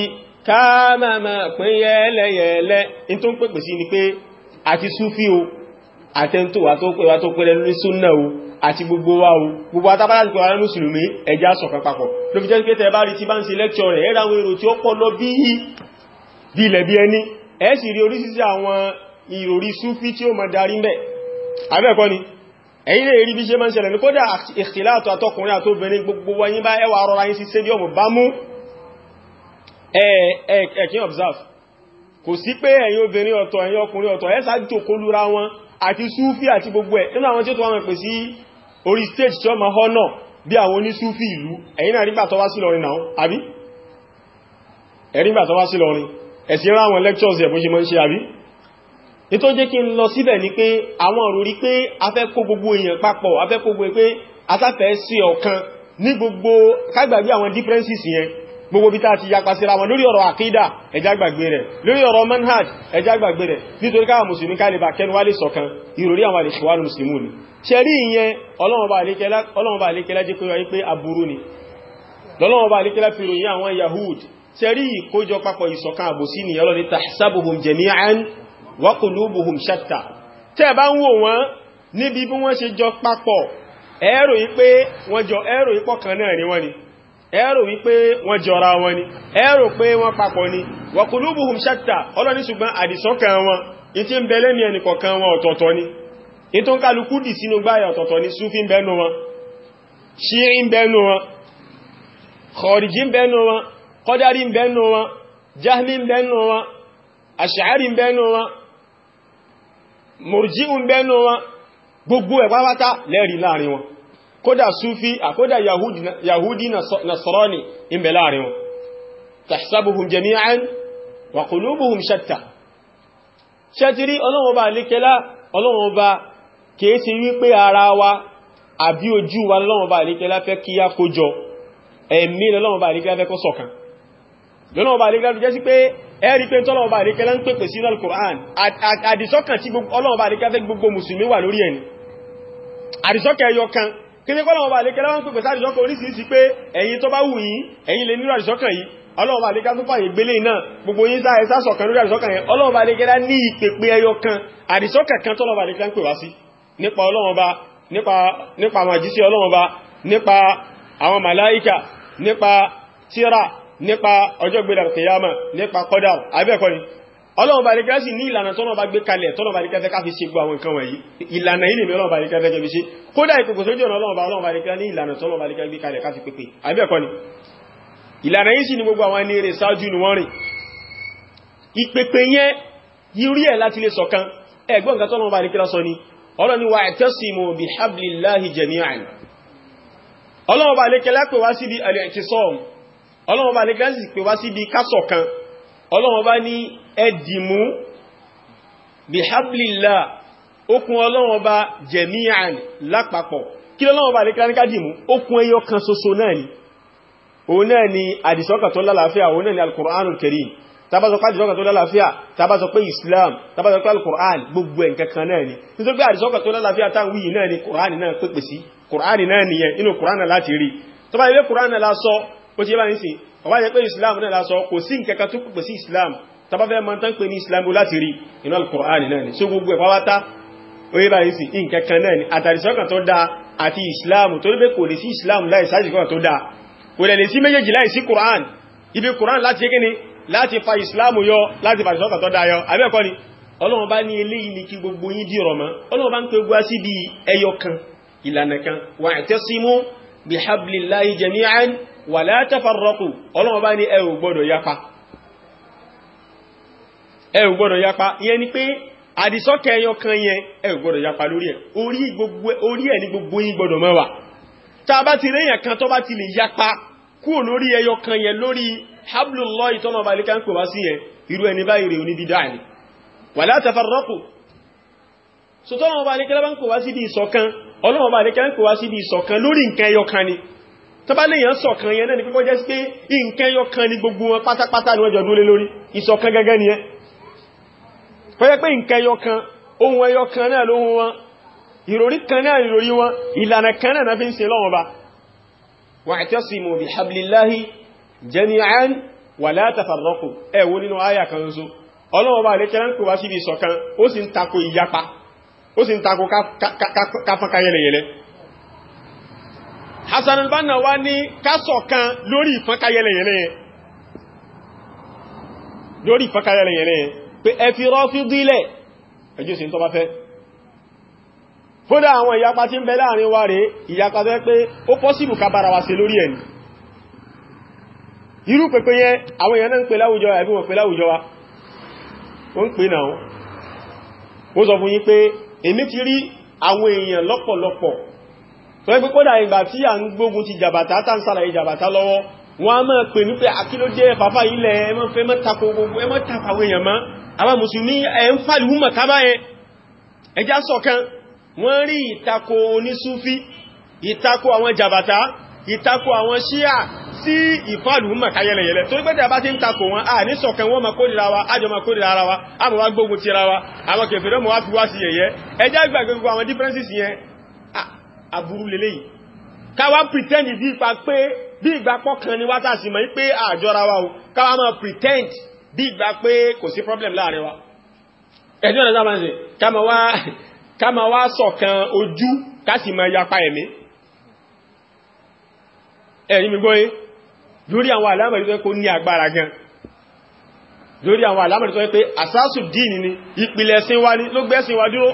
káàmà máa pín yẹ́lẹ́yẹ̀lẹ́ in tó ń pèpè sí ni pé àti súfí o àtẹ́ntò wà tó pè wà tó pè lẹ́nu ní súnnà o àti gbogbo wa o gbogbo atábára ti pè wà lẹ́nu mùsùlùmí ẹjá sọ̀kan papọ̀ ló fi jẹ́ pé tẹ́ bá rí tí bá ń ṣe lẹ́kṣọ́ rẹ̀ ẹ́ra àwọn èrò tí ó ẹ̀yin lè rí bí ṣe máa ń ṣẹlẹ̀ ní kódà ìkìláàtò àtọkùnrin àtóbìnrin gbogbo wọ́n yín bá ẹwà rọra yín sí stadium bá mú ẹ̀kín observe kò sí pé ẹ̀yin obìnrin ọ̀tọ̀ ẹ̀yin ọkùnrin ọ̀tọ̀ ẹ́sà jòkó lura wọn àti súfí àti gbogbo ẹ̀ nínú àwọn tí ó tó wọ́n pè sí orí stage tí ó máa họ́nà bí àwọn oní súfí ìlú ẹ̀yin náà rígbà tó wá lectures ẹ̀ bó ṣe máa ní tó jẹ́ kí n lọ síbẹ̀ ni pé àwọn òrùrí pé a fẹ́ kó gbogbo èèyàn papọ̀ a fẹ́ kó gbogbo pé a sáfẹ́ sí ọ̀kan ní gbogbo kágbàgbé àwọn differences yẹn gbogbo bí táà ti yapa síra wọn lórí ọ̀rọ̀ àkídà ẹjá gbàgbé rẹ̀ lórí ọ̀rọ̀ manhaj ẹjá gbàgbé rẹ̀ nítorí káà mùsùlùmí ká lè bà kẹnu wálé ṣọ̀kan ìròrí àwọn àlèṣèwárù mùsùlùmí ni ṣẹ̀rí ìyẹn Ọlọ́run àlékẹ́lá jẹ́ kóyọ wípé aburú ni lọ́lọ́run bá àlékẹ́lá fi ròyìn àwọn Yahud ṣẹ̀rí ìkójọ papọ̀ ìṣọ̀kan àbòsí ni Ọlọ́run tahsabuhum jami'an wa qulubuhum shatta tẹ́ bá ń wò wọ́n níbi bí wọ́n ṣe jọ papọ̀ ẹ̀rò wípé wọ́n jọ ẹ̀rò ipọ̀ kan náà ni wọ́n ni ẹ̀rò wípé wọ́n jọra wọn ni ẹ̀rò pé wọ́n papọ̀ ni wa qulubuhum shatta ọlọ́ni ṣùgbọ́n àdìsọ́kàn wọn ìtí ń bẹ̀lẹ́ mi ẹnìkọ̀kan wọn ọ̀tọ̀ọ̀tọ̀ ni ìtún kálukú dì sínú gbáyà ọ̀tọ̀ọ̀tọ̀ ni súfí ń bẹnu wọn ṣírí ń bẹnu wọn kọ̀ọ̀dìjí ń bẹnu wọn mọ̀jíun bẹ́nu wọn gbogbo ẹ̀ pápátá lẹ́rìí láàrin wọn kódà súfí àkódà yahudi nasarani ìbẹ̀ láàrin wọn tahsabuhum jami'an wa qulubuhum shatta ṣẹ́tírí ọlọ́wọ́ bá lékelá ọlọ́wọ́ bá kèése wípé ara wa àbí ojú wa lọ́wọ́ bá lékelá fẹ́ kí á ẹ̀rí pé tọ́lọ̀ ọba àríkẹ́ lẹ́ ń pèpè sí Al-Qur'an àdìsọ́kàn tí Ọlọ́run ọba àríkẹ́ fẹ́ gbogbo mùsùlùmí wà lórí ẹni àdìsọ́kàn ẹyọ kan kí ní kọ́lọ̀ ọba àríkẹ́ lẹ́wọ́n pèpè sáàdìsọ́kàn oríṣìíṣìí pé ẹ̀yin tó bá wù yín ẹ̀yin lè nílò àdìsọ́kàn yìí Ọlọ́run àríkẹ́ tó fàyè gbélé náà gbogbo yín sáà ẹ̀sá sọ̀kan lórí àdìsọ́kàn yẹn Ọlọ́run àríkẹ́ lá ní ìpèpè ẹyọ kan àdìsọ́kàn kan tọ́lọ̀ ọba àríkẹ́ ń pè wá sí nípa Ọlọ́run ọba nípa àwọn àjíṣẹ́ Ọlọ́run ọba nípa àwọn màláíkà nípa tíra nípa ọjọ́ gbẹ̀dà kìyàmà nípa kọ́dà abẹ́ẹ̀kọ́ ni ọlọ́run bá nìkan sì ní ìlànà tọ́nà bá gbé kalẹ̀ tọ́nà bá nìkan fẹ́ ká fi ṣe gbọ́ àwọn nǹkan wọ̀nyí ìlànà yìí nìmi ọlọ́run bá nìkan fẹ́ kẹ́ fi ṣe kódà ìkòkò sójú ọ̀nà ọlọ́run bá ọlọ́run bá nìkan ní ìlànà tọ́nà bá nìkan gbé kalẹ̀ ká fi pèpè abẹ́ẹ̀kọ́ ni ìlànà yìí sì ni gbogbo àwọn ẹni rẹ̀ ṣáájú ni wọ́n rìn ìpèpè yẹn yìí ẹ̀ láti lè sọ̀kan ẹ̀gbọ́n nǹkan tọ́nà bá nìkan sọ ọlọ́run bá ní kẹ́sì pé wá síbi kásọ̀ kan ọlọ́run bá ní ẹdìmú bihablilá okùn ọlọ́run bá jẹ̀míàn lápapọ̀ kí lọ́lọ́run bá ní kẹ́sìkádìmú okùn ẹyọ kan ṣoṣo náà ni òun náà ni àdìsọ́kàn tó lálàáfíà òun náà ni alkùránù karim tàbá sọ pé àdìsọ́kàn tó lálàáfíà tàbá sọ pé islam tàbá sọ pé alkùrán gbogbo ẹ̀ nǹkan náà ni nítorí pé àdìsọ́kàn tó lálàáfíà táwọn yìí náà ni kùránì náà pèpè sí kùránì náà nìyẹn inú kùránì láti rí tọ́bá ilé kùránì lásọ ó ti yẹ́ bá ní sí ọwá jẹ́ pé islam náà lásọ kò sí nkẹ́kẹ́ tó pè sí islam tàbáfẹ́ ma tán pè ní islam ó láti rí inú al-Qur'an náà ni so gbogbo ẹ̀páwátá ó yẹ́ bá ní sí nkẹ́kẹ́ náà ni àtàrísọ́kàn tó dáa àti islam tó lébé kò lè sí islam láì sájìkọ́kàn tó dáa kò lè sí méjèèjì láì sí Qur'an ibi Qur'an láti yẹ́kẹ́ ni láti fa islam yọ láti fa àtàrísọ́kàn tó dáa yọ àbẹ́ẹ̀kọ́ ni ọlọ́run wa'tasimu bihablillahi jami'an wala tafarraqu ọlọ́run bá ní ẹ gbọ́dọ̀ yapa ẹ gbọ́dọ̀ yapa yẹn ni pé àdìsọ́kẹ́ ẹyọ kan yẹn ẹ gbọ́dọ̀ yapa lórí ẹ̀ orí ẹ̀ ní gbogbo yín gbọ́dọ̀ máa wà tá a bá ti rẹ́yìn kan tó bá ti lè yapa kúrò lórí ẹyọ kan yẹn lórí hablullah ìtọ́nà ọba ilé kan pè wá sí yẹn irú ẹni wala tafarraqu sọtọ́nà ọba ilé kan pè wá sí ibi ìṣọ̀kan ọlọ́run ọba ilé kan pè wá tó bá léèyàn ṣọ̀kan yẹn náà ni pípọ́ jẹ́ sí pé nǹkan yọ kan ní gbogbo wọn pátápátá ni wọ́n jọ dúró lé lórí ìṣọ̀kan gẹ́gẹ́ ni ẹ́ fọ́yẹ́ pé nǹkan yọ kan ohun ẹyọ kan náà lóhun wọn ìròrí kan náà ìròrí wọn ìlànà kan náà fi ń ṣe lọ́wọ́ bá wa'tasimu bihablillahi jami'an wala tafarraqu ẹ̀wọ́ nínú àyà kan so ọlọ́wọ́ bá lẹ́kẹ́ láńkò wá síbi ìṣọ̀kan ó Hassan al-Banna wá ní kásọ̀ kan lórí ìfọ́nkayẹlẹ̀yẹlẹ̀ lórí ìfọ́nkayẹlẹ̀yẹlẹ̀ pé ẹ fi Rọ́fídì lẹ̀ ẹjọ́ sí tó bá fẹ́ kódà àwọn ìyapa tí ń bẹ láàrin wa rẹ̀ ìyapa fẹ́ pé ó pọ́sìbù ká bára wa ṣe lórí ẹni irú pẹ̀pẹ̀ yẹn àwọn èèyàn náà ń pè láwùjọ àbí wọn pè láwùjọ wa wọ́n ń pè náà wọ́n sọ fún yín pé èmi ti rí àwọn èèyàn lọ́pọ̀lọpọ̀ tó ẹgbẹ́ kódà ìgbà tí à ń gbógun ti jàbàtà tá ń sàlàyé jàbàtà lọ́wọ́ wọn a máa pè ní pé àkílódé fàfà ilẹ̀ ẹmọ́ fẹ́ mọ́ tako gbogbo ẹmọ́ tàfàwé èèyàn mọ́ àwọn mùsùlùmí ẹ̀ ń fàlùú mọ̀ kábá yẹn ẹjá sọ̀kan wọ́n rí ìtako onísúfí ìtako àwọn jàbàtà ìtako àwọn ṣíà sí ìfàlùú mọ̀ káyẹlẹyẹlẹ torí pé tàbá ti ń tako wọn a ní sọ̀kan wọ́n máa kórìíra wa àjọ máa kórìíra ara wa àmọ́ wá gbógun tira wa àwọn kèfèrè mọ́ wá fi wá sí yẹ̀yẹ́ ẹjá gbàgbé àwọn differences yẹn aburú lélẹ̀ yìí káwá pretend bí ipa pé bí ìgbà pọ̀ kan ni wátà sí mọ̀ pé àjọra wa o káwá máa pretend bí ìgbà pé kò sí problem láàrin wa ẹjọ́ ọ̀nà sábà ń sè ká máa wá ṣọ̀kan ojú ká sì máa yapa ẹ̀mí ẹ̀yìn mi gbọ́yé lórí àwọn àlámọ̀rí tó yẹ kó ní agbára gan lórí àwọn àlámọ̀rí tó yẹ pé àsásù díìnì ni ìpìlẹ̀ ẹ̀sìn wa ni ló gbẹ́sìn wa dúró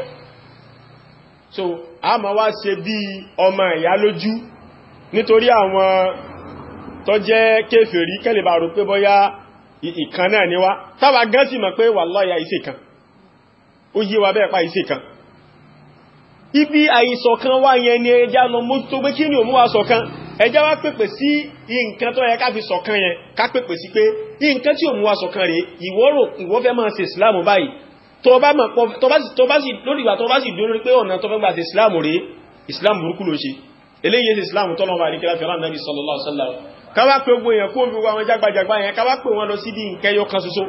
so a ma wá ṣe bí ọmọ ìyá lójú nítorí àwọn tó jẹ́ kéfèrí kẹ́lẹ̀ bá rò pé bọ́yá ìkan náà ni wá táwa gán sì mọ̀ pé wàláhì ìṣe kan ó yé wa bẹ́ẹ̀ pa ìṣe kan ibi àìṣọ̀kan wá yẹn ni ẹja lọ mú tó pé kí ni òun wá ṣọ̀kan ẹja wá pèpè sí nǹkan tó yẹ ká fi ṣọ̀kan yẹn ká pèpè sí pé nǹkan tí òun wá ṣọ̀kan rèé ìwọ rò máa ṣe ìsìláàmù báyìí tó bá mọ̀ pọ̀ tó bá sì lórí ìgbà tó bá sì dúró pé ọ̀nà tó fẹ́ gbà àti islam rí islam burúkú ló ṣe eléyìí ṣe islam tọ́lọ́wọ́ àríkẹ́lá fẹ́ràn Ànábì sallallahu alaihi wasallam káwá pé gbogbo èèyàn kó fi wá wọn jágbàjàgbà yẹn káwá pé wọn lọ sí di nǹkan ẹyọ kan ṣoṣo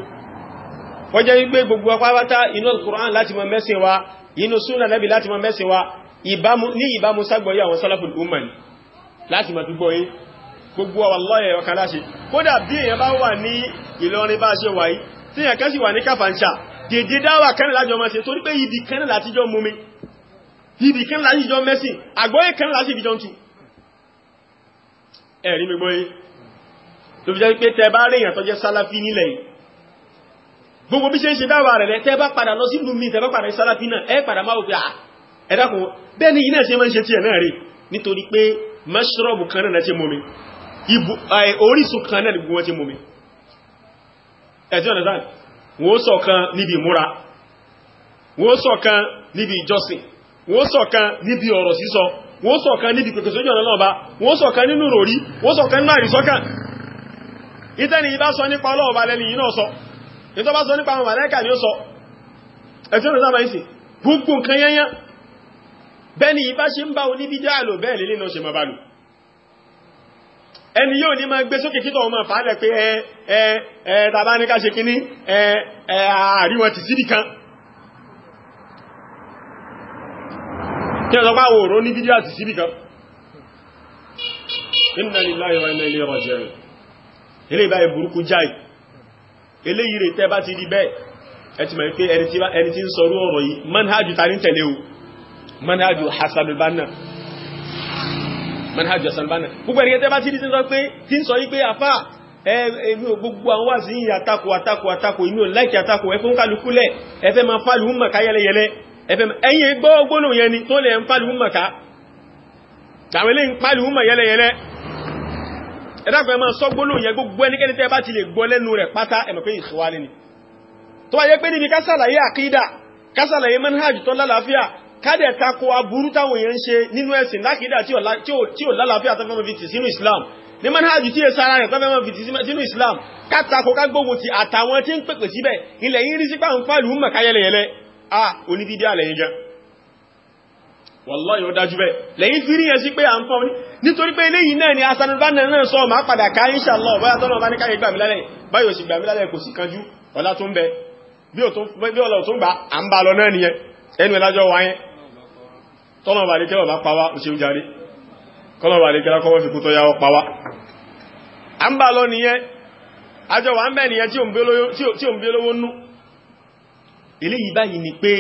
wọ́n jẹ́ wípé gbogbo apáwátá inú Qur'an láti mọ mẹ́sìn wa inú súnà Ànábì láti mọ mẹ́sìn wa ní ìbámu ságbọ̀yé salaful ummah láti mọ̀ dúgbọ́ yìí gbogbo wallahi ọ̀kan láṣe kódà bí èèyàn bá wà ní Ìlọrin bá ṣe wà yìí tí èèyàn kan sì wà ní Kàfàǹṣà dèdè dáwà kan lájọ máa ṣe torí pé ibì kan láti jọ mú mi ibì kan láti jọ mẹ́sìn àgbọ́yé kan láti ìbìjọ ń tu ẹ̀rí mi gbọ́yé tó fi jẹ́ pé tẹ bá rí èèyàn tó jẹ́ sálàfí nílẹ̀ yìí gbogbo bí ṣe ń ṣe dáwà rẹ̀ lẹ́ tẹ bá padà lọ sí ìlú mi tẹ bá padà sálàfí náà ẹ padà máa wòfin ẹ dákun bẹ́ẹ̀ ni iná ni gbogbo wọn ṣe mú mi ẹ̀tí ọ̀nà sáà wọ́n ṣọ̀kan níbi ìmúra wọ́n ṣọ̀kan níbi ìjọsìn wọ́n ṣọ̀kan níbi ọ̀rọ̀ sísọ wọ́n ṣọ̀kan níbi pẹ̀pẹ̀ sójú ọ̀nà náà bá wọ́n ṣọ̀kan nínú ròrí wọ́n ṣọ̀kan nínú àrísọ́kàn ìtẹ́ni ìbá sọ nípa ọlọ́ọ̀bá lẹ́ni yìí náà sọ ìtọ́ bá sọ nípa àwọn màlẹ́kà ni ó ẹni yóò ní máa gbé sókè kí tọ́wọ́ máa fàálẹ̀ pé ẹ ẹ tàbá ní ká ṣe kíní ẹ ẹ àríwọ̀n ti sídì kan kí ọ sọpá òòrò ní fídíò àti sídì kan inna lillahi wa inna ilayhi raji'un ilé ìbáyẹ̀ burúkú manhaj Al-Albani gbogbo ẹ̀rẹ́ tẹ́ bá ti rí tí ń sọ yí pé àfá èmi ò gbogbo àwọn wàásù yìí àtakò àtakò àtakò èmi ò láìkì àtakò ẹfún kálukúlẹ̀ ẹfẹ́ ma fàlù ń mọ̀ká yẹlẹyẹlẹ ẹfẹ́ ẹ̀yìn gbọ́gbónà yẹn ni tó lẹ̀ ń fàlù ń mọ̀ká tàwọn ilé ń pàlù ń mọ̀ yẹlẹyẹlẹ ẹ̀dàkùn ẹmọ sọ́gbónà yẹn gbogbo ẹnikẹ́ni tẹ́ bá ti lè gbọ́ kádẹ̀ takò aburú táwọn èèyàn ń ṣe nínú ẹ̀sìn lákìídà tí ò lálàáfíà tó fẹ́ mọ́ sínú Islam ní manhajù tí èsà ara rẹ̀ tó fẹ́ mọ́ sínú Islam kátàkò kágbógun ti àtàwọn tí ń pèpè síbẹ̀ ilẹ̀ yìí rí sí pàrún pàlú mọ̀ a oníbídí àlẹ́yìn gan wallahi ó dájú bẹ́ẹ̀ lẹ́yìn fi rí yẹn ni asanubá náà náà sọ máa padà ká inshallah báyá tọ́nà bá ní káyẹ gbàmílálẹ̀ báyọ̀ sí gbàmílálẹ̀ kò sí kanjú ọlá tó ń bẹ bí ọlọ́ tó ń gbà à ń ẹnu ẹlájọ́ wáyẹn tọ́lọ̀wà lè kẹ́lọ̀ bá pàwá òṣèlú jari kọ́lọ̀wà lè kẹ́lọ̀ kọ́wọ́ fi kú tó yáwọ́ pàwá a ń bà lọ nìyẹn ajọ wà ń bẹ̀ nìyẹn tí ò ń bí olówó nú ilé yìí báyìí ni pé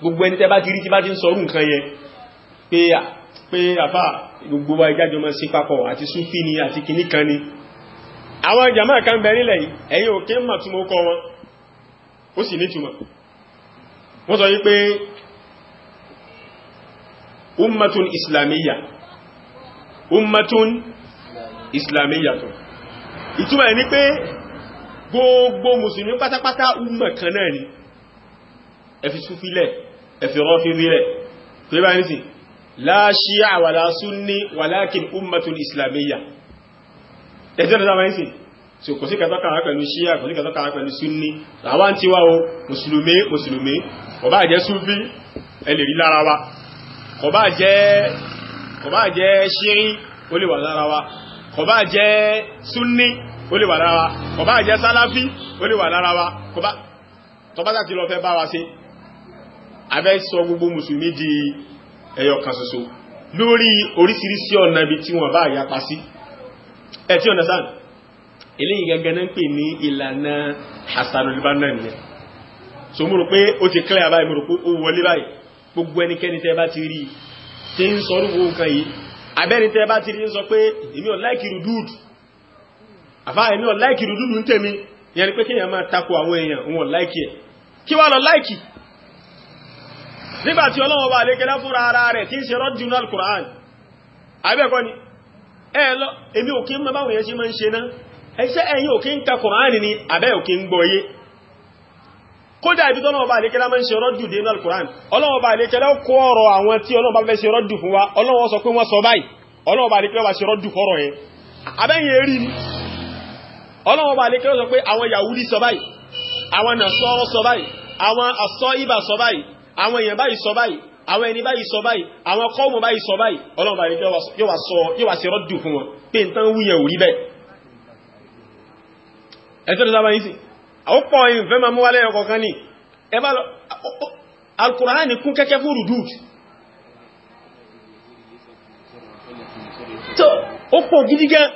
gbogbo ẹni tẹ́ bá ti rí tí bá ti ń sọrú nǹkan yẹn pé àfà gbogbo wa ìjájọ mọ́ sí papọ̀ àti súfí ni àti kìní kan ni àwọn jàmáà kan bẹ nílẹ̀ yìí ẹ̀yin òkè mọ̀ túnmọ̀ kọ wọn ó sì nítumọ̀ wọ́n sọ yí pé ummatun islamiyya ummatun islamiyya tó ìtumọ̀ ẹ̀ ní pé gbogbo mùsùlùmí pátápátá umma kan náà ni ẹfi súfilẹ̀ ẹfi rọ́fíbílẹ̀ pé bá ní sí la shi'a wala sunni walakin ummatun islamiyya ẹjọ́ ìjọba ní sí so kò sí kàtọ́kà wá pẹ̀lú ṣíyà kò sí kàtọ́kà wá pẹ̀lú súnni àwọn tí wá o mùsùlùmí mùsùlùmí ọba àjẹ́ súnfí ẹlẹ̀ rí lára wa kò bá jẹ́ kò bá jẹ́ ṣírí ó lè wà lára wa kò bá jẹ́ súnní ó lè wà lára wa kò bá jẹ́ sáláfí ó lè wà lára wa kò bá tọ́bátà tí lọ fẹ́ bá wa sí abẹ́ sọ gbogbo mùsùlùmí di ẹyọ kan ṣoṣo lórí oríṣiríṣi ọ̀nà ibi tí wọ́n bá yapa sí ẹ tí ọ̀nà sáà eléyìí gẹ́gẹ́ náà ń pè ní ìlànà Hasanul Banna nìyẹn so mo rò pé ó ti clear báyìí mo rò pé ó wọlé báyìí gbogbo ẹnikẹ́ni tẹ́ bá ti rí tí ń sọ orúkọ nǹkan yìí abẹ́ni tẹ́ bá ti rí ń sọ pé èmi ò láìkì rùdúùdù àfá èmi ò láìkì rùdúùdù ń tèmi ìyẹn ni pé kí èèyàn máa tako àwọn èèyàn wọn láìkì ẹ̀ kí wá lọ láìkì nígbà ọlọ́wọ́ ni ni abẹ́ ò kí kódà ibi tọ́lọ́wọ́ bá àlékẹ́lá máa ń ṣe rọ́dù dé inú alkùnrán ọlọ́wọ́ bá àlékẹ́lá kó ọ̀rọ̀ àwọn tí ọlọ́wọ́ bá fẹ́ ṣe rọ́dù fún wa ọlọ́wọ́ sọ pé wọ́n sọ báyìí ọlọ́wọ́ bá àlékẹ́lá bá ṣe rọ́dù fọ́rọ̀ yẹn abẹ́yìn rí ni ọlọ́wọ́ bá àlékẹ́lá sọ pé àwọn yahudi sọ báyìí àwọn nasọ́rọ́ sọ báyìí àwọn asọ́ ibà sọ báyìí àwọn èèyàn báyìí sọ báyìí àwọn ẹni báyìí sọ ẹ̀tọ́ tó yìí sí àwọn pọ̀ ìfẹ́ ma mú wálẹ̀ ọkọ̀kan ní ẹbá alkùnrin kún kẹ́kẹ́ fún rùdú tó gidi gan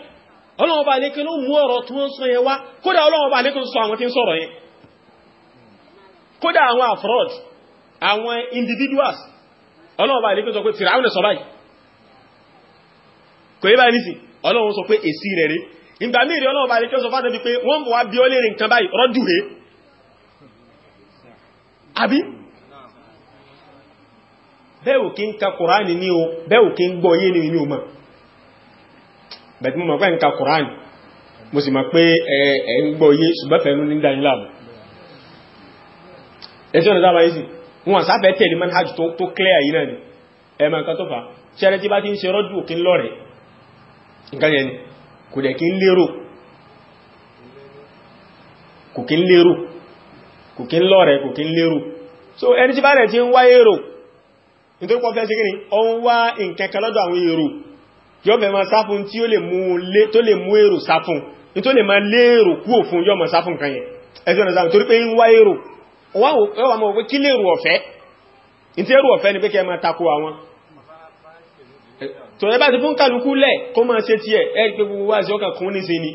Ọlọ́run bá lékẹ́ ló mú ọ̀rọ̀ tí wọ́n sọ wa wá kódà Ọlọ́run bá lékẹ́ sọ àwọn tí ń sọ̀rọ̀ yẹn kódà àwọn afrod àwọn individuals pé ìgbà míì rí ọlọ́run bá lè kí ó sọ fáwọn ẹbí pé wọ́n bọ̀ wá bí ó lè rìn kan báyìí rọ́dù rẹ̀ àbí bẹ́ẹ̀ ò kí ń ka kùránì ní o bẹ́ẹ̀ ò kí ń gbọ́ yé ní inú mọ̀ bẹ̀tí mo mọ̀ pé ń ka kùránì mo sì mọ̀ pé ẹ̀ nǹkan yẹn ni kò dẹ̀ kí ń lérò so ẹni tí bá rẹ̀ tí ń wá èrò nítorí pọ́ fẹ́ síkiri ọ ń wá nkẹ́kẹ́ lọ́dọ̀ àwọn èrò yóò fẹ́ máa sáfún tí ó ero mú èrò sáfún ní tó lè máa lérò kú òfun yóò máa sáfún kan yẹn ẹjọ́ ọ̀nà sáfún torí ń wá èrò wọ́n mọ̀ pé kí ọ̀fẹ́ so ẹ bá ti fún kálukú lẹ̀ kó máa ṣe tiẹ̀ ẹ pé gbogbo wá sí ọkàn kún ní sí ni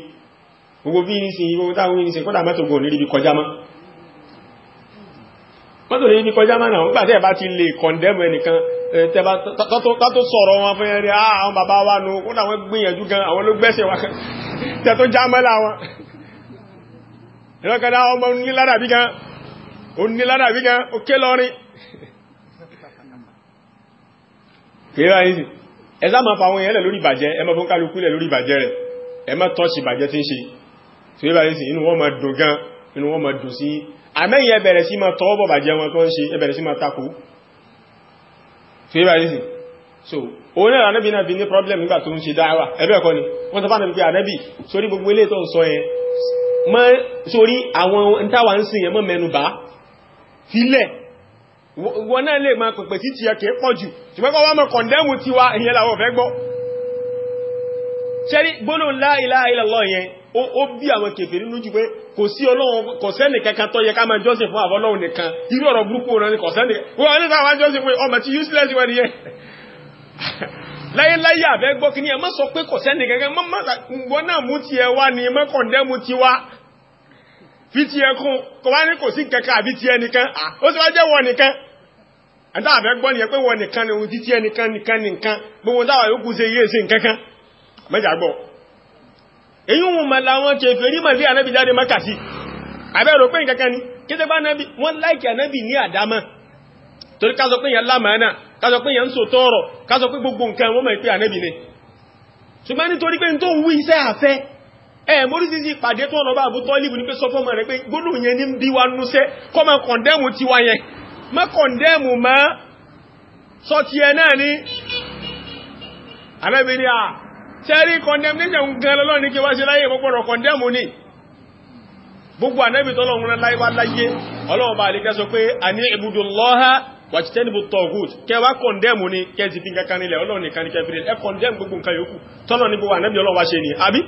gbogbo bí ní sí gbogbo táwọn ní sí kódà mọ́tò gùn níbi kọjá mọ́ mọ́tò níbi kọjá mọ́ náà nígbà tí ẹ bá ti lè kọ̀ndẹ́mù ẹnìkan tọ́tọ́ sọ̀rọ̀ wọn fún ẹni ah, àwọn bàbá wa nu kódà wọn gbìyànjú gan àwọn ló gbẹ́sẹ̀ wa <laughs> tẹ tó já mọ́lá wọn <laughs> ìrọ́kadà ọmọ oníládàbí gan oníládàbí gan ó <laughs> ẹzá fa fàwọn èèyàn lẹ̀ lórí ìbàjẹ́ ẹ má fún kálukú lẹ̀ lórí ìbàjẹ́ rẹ̀ ẹ má tọ́ṣì ìbàjẹ́ tí ń ṣe tí ó bàjẹ́ sí inú wọn ma dùn gan inú wọn ma dùn sí àmẹ́yìn ẹ sí ma tọwọ́ bọ̀ bàjẹ́ wọn tó ń ṣe ẹ sí ma takò tí ó bàjẹ́ sí so òun náà anábì náà fi ní problem nígbà tó ń ṣe dáwà ẹbẹ́ ẹ̀kọ́ ni wọ́n sọ fánàbí pé anábì sórí gbogbo ilé tó ń sọ yẹn wọn náà lè máa pẹ̀pẹ̀ sí ti ẹ kìí pọ̀ jù ṣùgbẹ́kọ́ wá mọ́ kọ̀ndẹ́mù la ilaha illallah yẹn ó bí àwọn kèfèrí lójú pé kò sí ọlọ́run kò sẹ́ni kankan tó yẹ ká máa jọ́sìn fún àwọlọ́run nìkan irú ọ̀rọ̀ burúkú rẹ̀ ni kò sẹ́ni wọ́n ní tí wọ́n wọ́n náà kọ̀ndẹ́mù ti wá fi ti ẹ kún kò wá ní kò Eh, àtàbẹ̀ gbọ́ ni ẹ pé wọ́n nìkan ni ohun títí ẹnìkan nìkan nìkan gbogbo dáwà yókù sí iye sí nǹkankan mẹ́jàgbọ́ Eyi wọn mọ̀ láwọn kèfèrí mọ̀ sí ànábì jáde a sí àbẹ́rò pé nǹkankan ni kétẹ́gbá ànábì wọ́n láìkì ànábì ní àdámọ́ torí ká sọ pé yẹn lámàánà gbogbo ni ṣùgbọ́n Ma kọ̀ndẹ́mù má sọ ti ẹ náà ní alẹ́bìnrin à tẹ́rí condemnation gan lọ́lọ́ ní kí wá sí láyé pọ́pọ̀rọ̀ condemn ní gbogbo ànẹ́bì tọ́lọ́run láyé wá láyé ọlọ́run bá lè kẹ́sọ pé a ní ibùdóllāha wàtítẹ́nìbù tọ̀gùt kẹwàá condemn ní kẹ́ẹ̀tì fi kankan nílẹ̀ ọlọ́run nìkan ní kẹfìrì ẹ condemn gbogbo nǹkan yòókù tọ́lọ́ ní gbogbo ànẹ́bì ọlọ́run ṣe ní àbí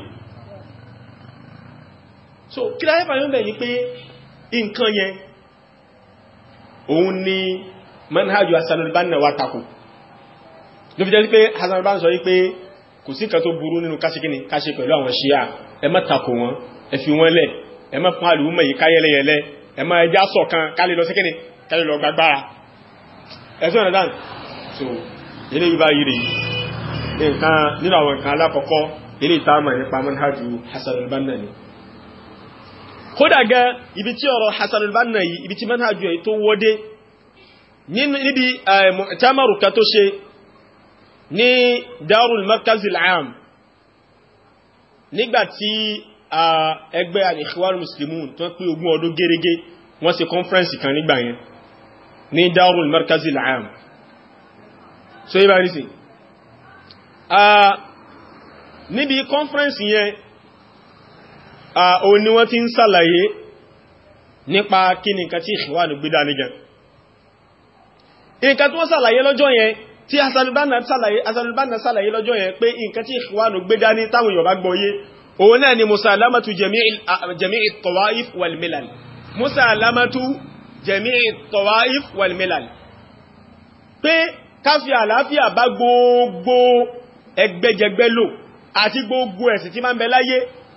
so kí láyé fàyọ́ bẹ̀ ní pé nǹkan yẹn òun ni manhaju asanulbanna wa tako ló fi jẹ́ pé hasanulban sọ wípé kò sí kan tó burú nínú kásíkíní káṣe pẹ̀lú àwọn ṣíà ẹ má tako wọn ẹ fi wọn lẹ̀ ẹ má pọn àlùmọ̀ yìí káyẹlẹyẹlẹ ẹ má ẹjá sọ̀kan kálẹ̀ lọ síkíní kálẹ̀ lọ gbàgbára ẹ̀sùn ọ̀nà dáhùn so ilé yìí bá yìí rèé nǹkan nínú àwọn nǹkan alákọ̀ọ́kọ́ ilé ìtààmà nípa manhaju hasanulbanna ni kódà gan ibi tí ọ̀rọ̀ Hasan al-Banna yìí ibi tí manhajú ẹ̀ tó wọ́dé níbi eh, mu'tamaru kan tó ṣe ní darul markaz al-am nígbàtí eh, ẹgbẹ́ al-ikhwan muslimun tó pé ogún ọdún gẹ́rẹ́gẹ́ wọ́n ṣe conference kan nígbà yẹn ní darul markaz am so yíba nísìn eh, níbi conference yẹn òun ni wọ́n ti ń sàlàyé nípa kí ni nǹkan tí ìṣìwánù gbé dání gan nǹkan tí wọ́n sàlàyé lọ́jọ́ yẹn tí asanubana sàlàyé lọ́jọ́ yẹn pé nǹkan tí ìṣìwánù gbé dání táwọn Yorùbá gbọ́yé òun náà ni musalamatu jami'i tawaif wal milal musalamatu jami'i tawaif wal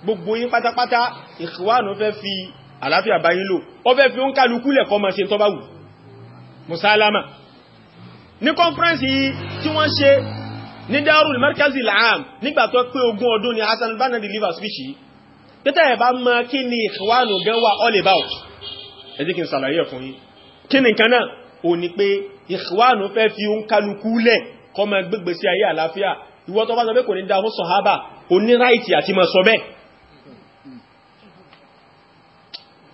gbogbo yín pátápátá ìkìwánu fẹ́ fi àlàáfíà bá yín lò ó fẹ́ fi ó ń kálukú lẹ̀kọ́ máa ṣe tó bá wù musalama ní kọ́nfẹ́rẹ́nsì tí wọ́n ṣe ní darul markazi la'am nígbà tó pé ogún ọdún ni Hassan al-Banna deliver speech yìí tẹ́tẹ́ ẹ̀ bá mọ̀ kí ni ìkìwánu gan wà all about ẹ jẹ́ kí n ṣàlàyé ẹ̀ fún yín kí ni nǹkan náà ò ní pé ìkìwánu fẹ́ fi ó ń kálukú lẹ̀ kọ́ máa gbégbèsí ayé àlàáfíà ìwọ bá sọ pé kò ní dáhùn sọ̀hábà ò ní ráìtì àti máa sọ bẹ́ẹ̀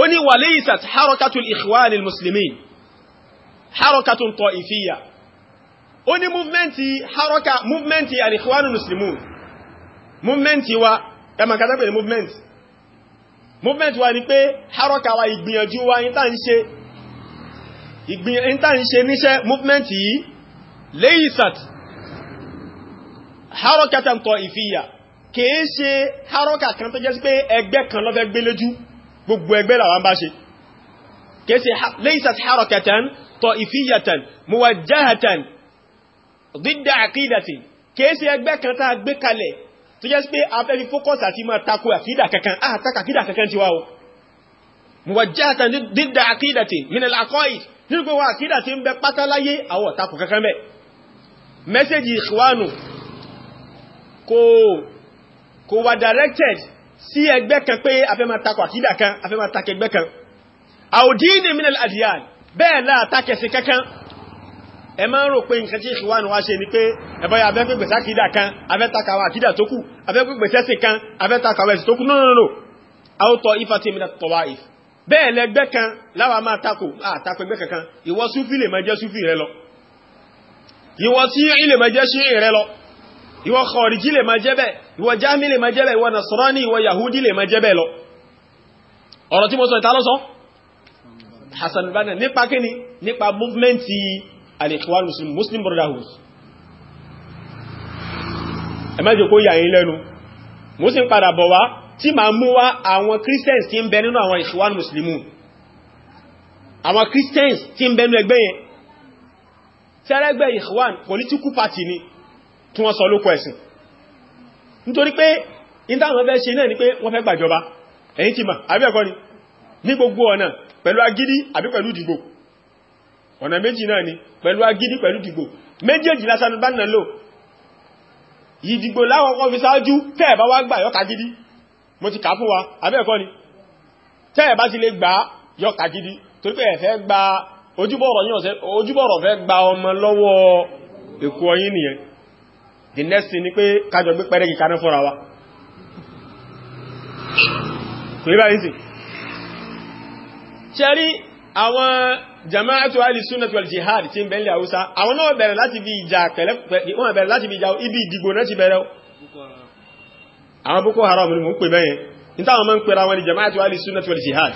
ó ní walaysat harakatul ikhwanil muslimin harakatun ta'ifiyya ó ní múvmẹ́ntì haraka múvmẹ́ntì al-ikhwanul muslimun múvmẹ́ntì wa ẹmà kátàpẹ̀ ní múvmẹ́ntì múvmẹ́ntì wa ni pé haraka wa ìgbìyànjú wa ní tàn ṣe níṣẹ́ múvmẹ́ntì yìí laysat harakatan ta'ifiyya kìí ṣe haraka kan tó jẹ́ sí pé ẹgbẹ́ kan ló fẹ́ gbé gbogbo ẹgbẹ́ làwọn bá ṣe kéèsì laysat harakatan ta'ifiyatan muwajjahatan didda aqidati kéèsì ẹgbẹ́ kan tá a gbé kalẹ̀ tó jẹ́ sí pé a fẹ́ fi fókọ́sì àti máa takò àkídà kankan àtàkà àkídà kankan ti wá o muwajjahatan didda aqidati min directed sí ẹgbẹ́ kan pé afẹ́ máa takọ̀ àkídà kan afẹ́ máa takẹ̀ ẹgbẹ́ kan àòdíni minal adiyan bẹ́ẹ̀ náà takẹ̀ sí kankan ẹ máa ń rò pé nǹkan tí ìṣúwà ní wá ṣe ni pé ẹ̀bọ́ya afẹ́ pẹ̀gbẹ̀ sákìdà kan afẹ́ takà àwọn àkídà tó kù afẹ́ pẹ̀gbẹ̀ sẹ́sì kan afẹ́ takà àwọn ẹ̀sì tó kù no no no àwòtọ̀ ifati minal tawaif bẹ́ẹ̀ lẹgbẹ́ kan láwa máa takò àtakò ẹgbẹ́ kankan ìwọ súfì lè máa jẹ́ súfì rẹ lọ ìwọ sí ilè máa jẹ́ sí rẹ lọ ìwọ kọ̀ọ̀rìjì lè máa jẹ́ bẹ́ẹ̀ ìwọ jámi lè máa jẹ́bẹ̀ ìwọ nasarani ìwọ yahudi lè máa jẹ́bẹ̀ lọ ọ̀rọ̀ tí mo sọ ìta lọ́sọ́ Hassan al-Banna nípa kíni nípa múfmẹ́ntì al muslim muslim brotherhood ẹ má jẹ́ kó yà yín lẹ́nu mo padà bọ̀ wá tí ma mú wá àwọn christians tí ń bẹ nínú àwọn Ikhwan muslimun àwọn christians tí ń bẹ nínú ẹgbẹ́ yẹn tẹ́rẹ́gbẹ́ Ikhwan political party ni tí wọ́n sọ lókọ ẹ̀sìn nítorí pé ìtàwọn fẹ́ ṣe náà ni pé wọ́n fẹ́ gbàjọba ẹ̀yìn ti mà àbí ẹ̀kọ́ ni ní gbogbo ọ̀nà pẹ̀lú agídí àbí pẹ̀lú dìgbò ọ̀nà méjì náà ni pẹ̀lú agídí pẹ̀lú dìgbò méjèèjì lásán bá nà lò ìdìgbò láwọn kan fi gidi mo ti wa àbí ẹ̀kọ́ ni tẹ́ẹ̀bá ti lè gbà yọ́ka gidi torí pé ẹ̀fẹ́ gba ojúbọ̀rọ̀ fẹ́ gba ọmọ lọ́wọ́ èkó ọyìn nìyẹn the next thing ni pé kájọ gbé pẹ́rẹ́gì kaná fúnra wa kò yíba yìí sí ṣẹ́rí jama'atu al-sunnah wal jihad tí ń bẹ̀lẹ̀ àwúsá àwọn náà bẹ̀rẹ̀ láti bí ìjà pẹ̀lẹ́ wọ́n bẹ̀rẹ̀ láti bí ìjà ibi ìdìgbò náà ti bẹ̀rẹ̀ àwọn Boko Haram ni mo ń pè bẹ́yẹn nítàwọn máa ń pèrà wọn ni jama'atu al-sunnah wal jihad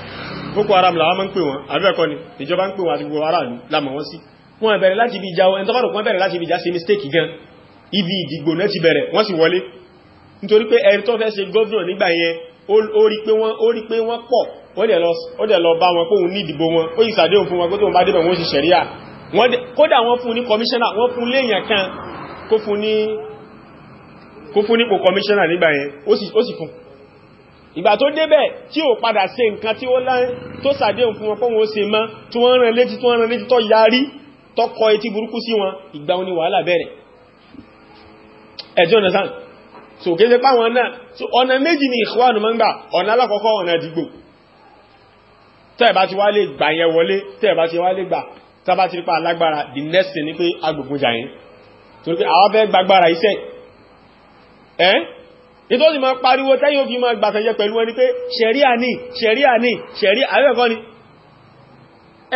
Boko Haram làwọn máa ń pè wọn àbẹ́ẹ̀kọ́ ni ìjọba ń pè wọn àti gbogbo aráàlú lámọ̀ wọn sí wọ́n bẹ̀rẹ̀ láti bí ìjà ẹni tó bá rò pọ́n bẹ̀rẹ̀ láti bí ìjà sí mistake gan ibi ìdìgbò náà ti bẹ̀rẹ̀ wọ́n sì wọlé nítorí pé ẹni tó fẹ́ ṣe gọ́ọ̀nà nígbà yẹn ó rí pé wọ́n pọ̀ ó dẹ̀ lọ bá wọn pé òun ní ìdìbò wọn ó yìí sàdéhùn fún wọn pé tóun bá débẹ̀ wọ́n sì ṣẹ̀ríà kódà wọ́n fún ní kọmíṣánà wọ́n fún léèyàn kan kó fún nípò kọmíṣánà nígbà yẹn ó sì fún ìgbà tó débẹ̀ tí ò padà ṣe nǹkan tí ó láyé tó sàdéhùn fún wọn pé wọ́n ṣe mọ́ tí wọ́n rán létí tó yarí tó etí burúkú sí wọn ìgbà òní wàhálà bẹ̀rẹ̀ ẹ̀tí ọ̀nà sáà so kéèsẹ̀ páwọn náà so ọ̀nà méjì ni ìkwánù mọ́ ń gbà ọ̀nà alákọ̀ọ́kọ́ ọ̀nà dìgbò tẹ́ẹ̀bá ti wá lè gbà yẹn wọlé tẹ́ẹ̀bá ti wá lè gbà tábà ti rípa alágbára the next thing ni pé agbègbè jà yín torí pé àwọn fẹ́ gbàgbára iṣẹ́ ẹ́ nítorí ma pariwo tẹ́yìn òfin ma gbàtẹ̀yẹ pẹ̀lú ẹni pé ṣẹ̀ríà ní ṣẹ̀ríà ní ṣẹ̀ríà àwẹ́ẹ̀kọ́ ni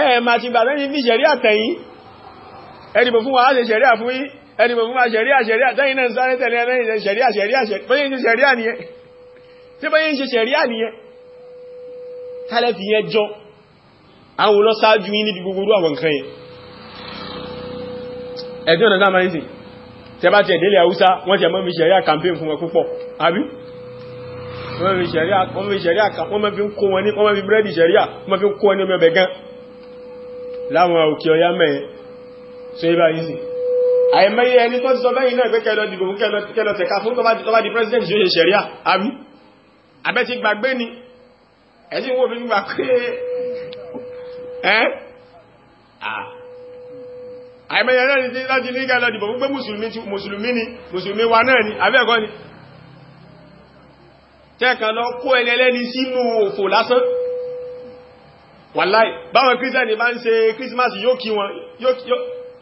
ẹ̀ẹ̀ ma ti gbàtẹ́yìn fi ṣẹ̀ríà tẹ̀yìn ẹ̀dìbò fún wa á ṣe ṣẹ̀ríà fún yín ẹni mọ̀ fún àṣẹ̀ríà ṣẹ̀ríà tẹ́yìn náà sáré tẹ̀lé ẹlẹ́yìn ṣẹ̀ríà ṣẹ̀ríà bẹ́yìn ṣe ṣẹ̀ríà nìyẹn tí bẹ́yìn ṣe ṣẹ̀ríà nìyẹn tálẹ́ fi yẹn jọ àwọn lọ sáájú yín níbi gbogbo àwọn nǹkan yẹn ẹ̀dùn ọ̀nà sáà sí tẹ bá ti ẹ̀dẹ́lẹ̀ haúsá wọ́n tẹ mọ́ fi ṣẹ̀ríà campaign fún wọn púpọ̀ àbí wọ́n fi ṣẹ̀ríà wọ́n fi ṣẹ̀ríà wọ́n fi ń kó wọn ní wọ́n fi búrẹ́dì ṣẹ̀ríà wọ́n fi ń kó wọn ní ọmọ ẹ̀bẹ̀ gan láwọn òkè ọyá mẹ́ẹ̀ so ibà yìí sí àìmẹ́yẹ ẹni tó ti sọ bẹ́yìn náà pé kẹlọ dìbò fún kẹlọ tẹ̀ka fún tó bá di president yóò ṣe ṣẹ̀ríà àbí abẹ́ ti gbàgbé ni ẹ̀sìn wo fi gbà pé ẹ́ àìmẹ́yẹ náà ni láti ní kẹlọ dìbò fún pé mùsùlùmí ni mùsùlùmí wa náà ni àbí ẹ̀kọ́ ni tẹ́ẹ̀kan lọ kó ẹni ẹlẹ́ni sínú òfò lásán wàláì báwọn kírísẹ́ni bá ń ṣe kírísímásì yóò kí wọn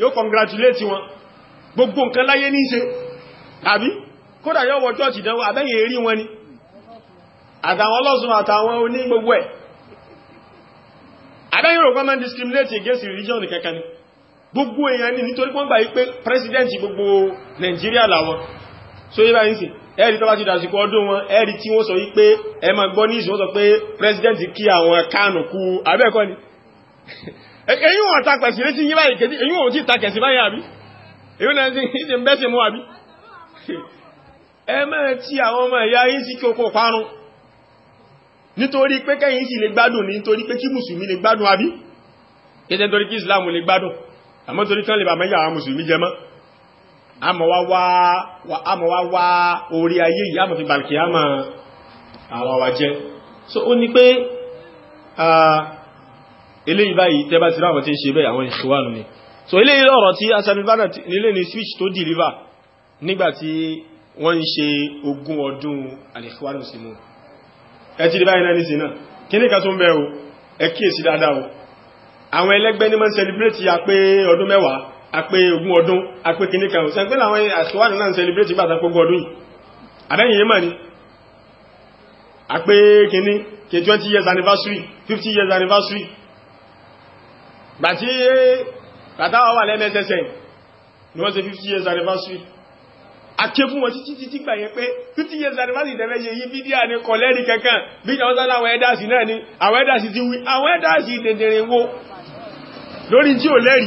yóò congratulate wọn gbogbo nǹkan láyé ní ṣe àbí kódà yọ wọ chọ́ọ̀chì dánwò àbẹ́yìn èrí wọn ni àtàwọn ọlọ́sùn àtàwọn oní gbogbo ẹ̀ àbẹ́yìn rò discriminate against religion kankan ni gbogbo èèyàn ni nítorí pọ́n gbà yí pé president gbogbo Nàìjíríà làwọn so yíba yín sí ẹ̀rí tó bá ti dàsìkò ọdún wọn ẹ̀rí tí wọ́n sọ yí pé ẹ máa gbọ́ ní ìṣòwò sọ pé president kí àwọn Kánò kú abẹ́ẹ̀kọ́ ni <laughs> èyí wọn ta pẹ̀sì létí yín báyìí báyìí àbí èyí náà sí ṣe ń bẹ́sẹ̀ mú àbí ẹ mẹ́rin tí àwọn ọmọ ìyá yìí sí kí okó parun nítorí pé kẹ́yìn sì lè gbádùn nítorí pé kí mùsùlùmí lè gbádùn àbí kẹ́tẹ́ torí kí Islam lè gbádùn àmọ́ torí kán lè bàmẹ́yà àwọn mùsùlùmí jẹ mọ́ àmọ̀wá orí ayé yìí àmọ̀ fi bàlùkì àmọ̀ àwọn wa jẹ́ so ó ní pé ah, eléyìí báyìí tẹ́ bá tí ń ṣe bẹ́ẹ̀ àwọn ìṣòwà nù ni so ilé ọ̀rọ̀ tí asanubana nílé ni switch tó deliver nígbàtí wọ́n ń ṣe ogún ọdún alifuwanu simu ẹ ti di báyìí náà nísìn náà kí ní kàtún bẹ́ o ẹ kíyèsí dáadáa o àwọn ẹlẹ́gbẹ́ ní máa ń celebrate ya pé ọdún mẹ́wàá a pé ogún ọdún a pé kí ní kan sẹ́ pé àwọn alifuwanu náà ń celebrate gbàtà pé ogún ọdún yìí àbẹ́yìn yìí mà ní a pé kí ní kí 20 years anniversary 50 years anniversary gbàtí kàtàwà wà lẹ́mẹ́sẹsẹ ni wọ́n ṣe 50 years anniversary àké fún wọn títí títí gbà yẹn pé 50 years anniversary tẹ́fẹ́ ṣe yí bídíà ní kọlẹ́rì kankan bí i àwọn sáláwọ̀ ẹ́dàsì náà ni àwọn ẹ́dàsì ti wí àwọn ẹ́dàsì dẹ̀dẹ̀rẹ̀ wo lórí tí ò lẹ́rì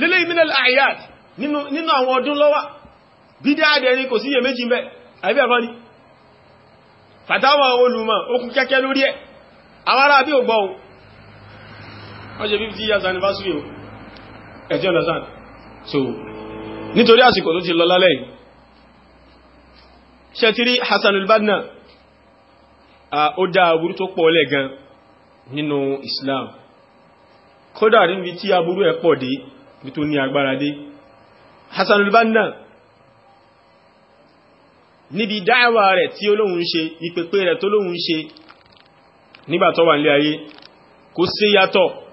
lélẹ́ ìmìnàl àyàt nínú àwọn ọdún lọ́wà bídíà dẹ̀ ni kò sí iyèméjì mẹ́ àbí ẹ̀kọ́ ni fàtàwà olùmọ̀ okùn kẹ́kẹ́ lórí ẹ̀ àwọn ará bí ò gbọ́ wọ́n ṣe 50 years anniversary ẹ ti understand so nítorí àsìkò tó ti lọ lálẹ́ yìí ṣe ti rí Hassanul Banna ó dá aburú tó pọ̀ lẹ̀ gan nínú Islam kódà níbi tí aburú ẹ̀ pọ̀ dé bí tó ní agbára dé Hassanul Banna níbi dáẹ̀wà rẹ̀ tí olóhun ṣe ìpèpè rẹ̀ tó lóhun ṣe nígbà wà nílé ayé kò sí yàtọ̀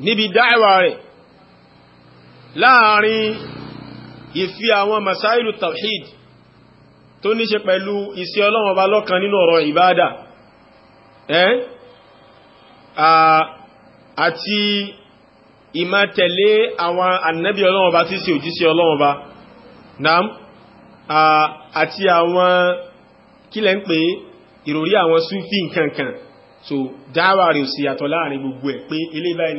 níbi dáìwà rẹ̀ láàrin ìfi àwọn masáìlù tawhid tó ní ṣe pẹ̀lú iṣẹ́ Ọlọ́run bá lọ́kan nínú ọ̀rọ̀ ìbádà ẹ́ àti ìmá tẹ̀lé àwọn annabi Ọlọ́run bá tí sí òjíṣẹ́ Ọlọ́run bá nam àti àwọn kílẹ̀ ń pè ìròrí àwọn súfí nkankan so dáwà rẹ̀ sí yàtọ̀ láàrin gbogbo ẹ̀ pé ilé báyìí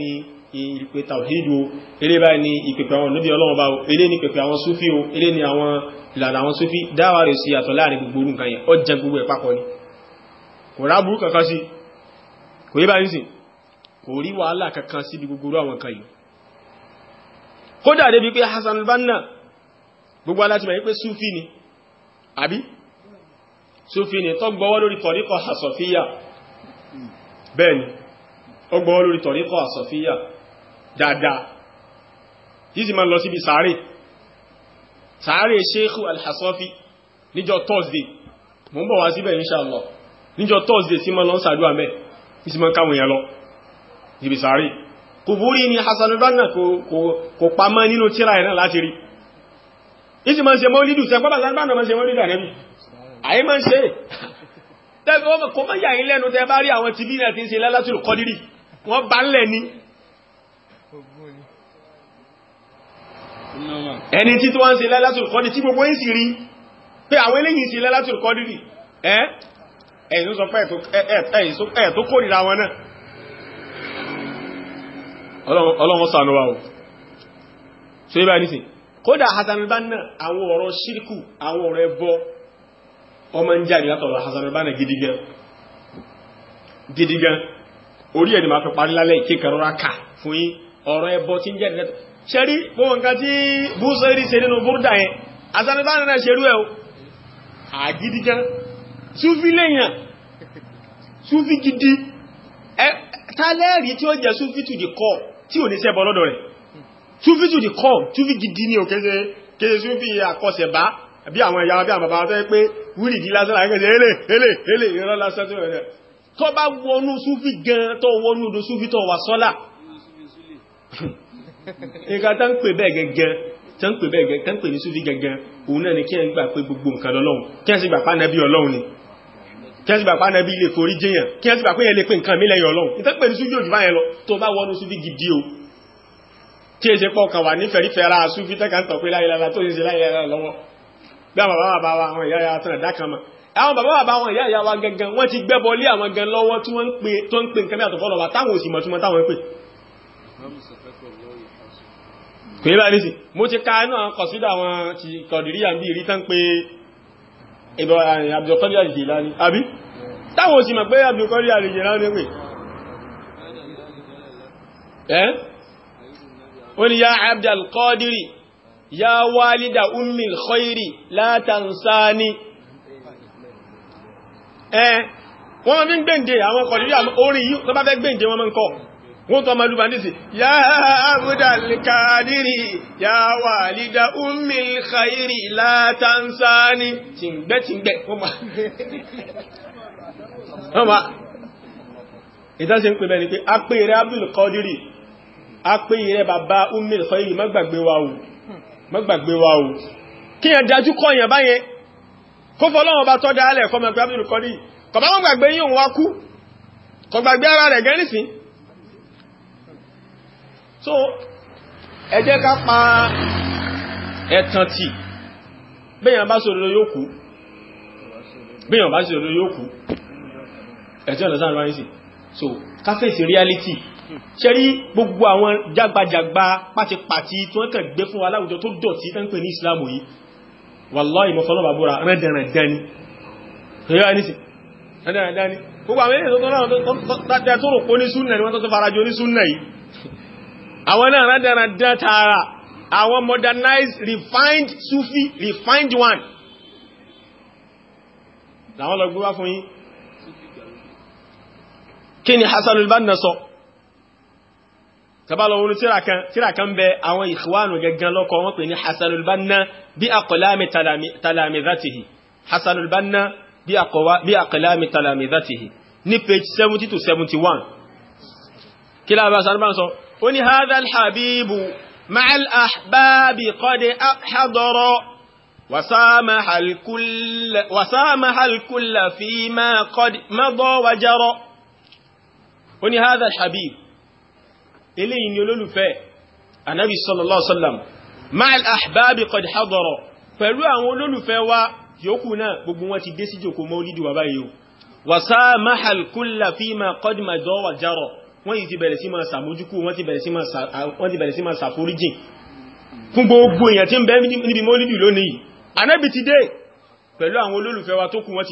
ni ìpè tàwídò ilé báyìí ni ìpèpè àwọn níbi ọlọ́run bá o ilé ni pèpè àwọn súfí o ilé ni àwọn ìlànà àwọn súfí dáwà rẹ̀ sí yàtọ̀ láàrin gbogbo orú nǹkan yẹn ó jẹ gbogbo ẹ̀ papọ̀ ni Hassan al-Banna gbogbo alátìmọ̀ yìí pé ni àbí súfí ni tó gbọ́wọ́ lórí tọ̀ríkọ̀ hasọ̀fíyà bẹ́ẹ̀ni ó gbọ́ lórí tọ̀ríkọ̀ àsọ̀fíyà dáadáa yìí sì máa lọ síbi sàárè sàárè sheikh alhassofi níjọ thursday mo ń bọ̀ wá síbẹ̀ inṣàlọ́ níjọ thursday sí máa lọ ń sàdúwà mẹ́ ìsì máa káwọn èèyàn lọ síbi sàárè kùbúrí ni Hassan al-Banna kò pamọ́ nínú tíra ẹ̀nà láti rí ìsì máa ń ṣe mọ́lídù sẹ́gbọ́n tẹ́fẹ́ wọ́n kò mọ́ yàí lẹ́nu tẹ́ bá rí àwọn ti bí náà ti ń ṣe lálátùlù kọdírì wọ́n bá ń lẹ̀ ní ẹni tí tó wá ń ṣe lálátùlù kọdírì tí gbogbo ń sì rí pé àwọn eléyìí ṣe lálátùlù kọdírì ẹ̀yìn sọ pé ẹ̀ tó kórìíra wọn náà ọlọ́run ṣàánú wa o so ibà nísìn kódà Hasan al-Banna àwọn ọ̀rọ̀ ṣírkù àwọn ọ̀rọ̀ ẹbọ ọmọ ń jáde látọ̀rọ̀ Hassanubana gidigan gidigan orí ẹni máa fi parí lálẹ́ kékerọ́ra kà fún yí ọ̀rọ̀ ẹbọ tí ń jáde látọ̀ ṣẹ́rí gbogbo nǹkan tí búsẹ́rí ṣe nínú búrúdà yẹn Hassanubana náà ṣerú ẹ̀ o àgidigan súfí lẹ́yìn súfí gidi ẹ tálẹ́rì tí ó jẹ́ súfí tù dì kọ́ tí ò ní sẹ́bọ̀ lọ́dọ̀ rẹ̀ súfí tù dì kọ́ súfí gidi ni ò kése súfí àkọsẹ̀bá bí àwọn ẹ̀yà bí àwọn bàbá tó pé wíìdì lásán àìkẹ́sẹ̀ elé elé elé ìran lásán tó rẹ̀ tó bá wọnú súfì gan tó wọnú odò súfì tó wà sọ́lá <laughs> nǹkan tán pè bẹ́ẹ̀ gẹ́gẹ́ tán pè bẹ́ẹ̀ gẹ́gẹ́ tán pè ní súfì gẹ́gẹ́ òun náà ni kí ẹ gbà pé gbogbo nǹkan lọ́lọ́run kí ẹ sì gbà pánà bí ọlọ́run ni kí ẹ sì gbà pánà bí ilé forí jẹyàn kí ẹ sì gbà pé yẹn lè pé nǹkan mi lẹ́yìn ọlọ́run ìtàn pè ní súfì òjò báyẹn tẹ́kà ń tọ̀ pé tó ṣe láyé lára lọ́wọ́ bí àwọn bàbá bàbá wa àwọn ìyá ya tán ẹ̀dá kan mọ̀ àwọn bàbá bàbá àwọn ìyá ìyá wa gangan wọ́n ti gbẹ́bọ lé àwọn gan lọ́wọ́ tí wọ́n ń pe tó ń pe nǹkan bí àtọ̀fọ́ lọ́wọ́ táwọn òsì mọ̀túnmọ́ táwọn ń pè. kò yẹ báyìí mo ti ka inú àwọn kọ̀sídà àwọn ti kọ̀dìríyà bí ìrí tán pé Abdulkadir Al-Jilani àbí táwọn òsì mọ̀ pé Abdulkadir Al-Jilani pè ẹ́ ó ní yá Abdulkadir ya walida ummil khairi la tansani eh wọ́n ma fi ń gbèǹde àwọn kọ̀díyà orin yìí tó bá fẹ́ gbèǹde wọn mọ́ ń kọ́ wọ́n tó ọmọ lúbà nìsì ya abdal kadiri ya walida ummil khairi la tansani tìǹgbẹ́ tìǹgbẹ́ wọ́n ma ìtàṣe ń pè bẹ́ẹ̀ ni pé a pè rẹ̀ abdul kadiri a pè rẹ̀ bàbá ummil khairi má wa o má wa o kí yàn dájú kọ́ yàn báyẹn kó fọ́lọ́wọ́n bá tọ́ dáálẹ̀ kọ́ mẹ́gbẹ́ Abdul Qadir kọ̀ bá wọ́n gbàgbé yíò wá kú kọ̀ ara rẹ̀ gẹ́rì so ẹ jẹ́ ká pa ẹ̀tàn tì bẹ́yàn bá sọ̀rọ̀ yóò kú bẹ́yàn bá sọ̀rọ̀ yóò kú ẹ̀tí ọ̀nà sáà rẹ̀ sí so ká fèsì reality ṣe rí gbogbo àwọn jágbajàgba pátipàti tí wọ́n kàn gbé fún wa láwùjọ tó dọ̀tí tán pè ní ìsìlámù yìí wàláhì ìmọ̀fọ́lọ́bà búra rẹ́dẹ̀rẹ̀dẹ́ni gbogbo àwọn ènìyàn tó náà tó rò pó ní súnnà ni wọ́n tó tó farajọ ní súnnà yìí àwọn náà rẹ́dẹ̀rẹ̀dẹ́ tààrà àwọn modernized refined Sufi refined one làwọn lọ gbé wá fún yín kí ni Hassan al-Banna sọ tàbálọ̀ wọn tíra kan bẹ àwọn ìkwánù gẹ̀gán lọ́kọ̀ wọ́n pè ní Hasanul Banna bí àkọlámi talamizatihi Hasanul Banna bí àkọlámi talamizatihi ní page 70 to 71 kí lábá sanúbán sọ ó ní hadhal habibu ma'al ahbabi qad hadara wasamaha alkulla fi ma qad madha wa jara ó ní habibu eléyìí ni olólùfẹ́ anabi sallallahu alaihi wasallam ma'al ahbabi qad hadara pẹ̀lú àwọn olólùfẹ́ wa yòókù náà gbogbo wọn ti dé sí jòkó mọ́lídì wà báyìí o wàsá mahal kulla fima qad madọ́ wà járọ̀ wọ́n yìí ti bẹ̀rẹ̀ sí máa sàmójúkú wọ́n ti bẹ̀rẹ̀ sí máa sàforíjìn fún gbogbo èèyàn tí ń bẹ níbi mọ́lídì lónìí anabi ti dé pẹ̀lú àwọn olólùfẹ́ wa tó kù wọ́n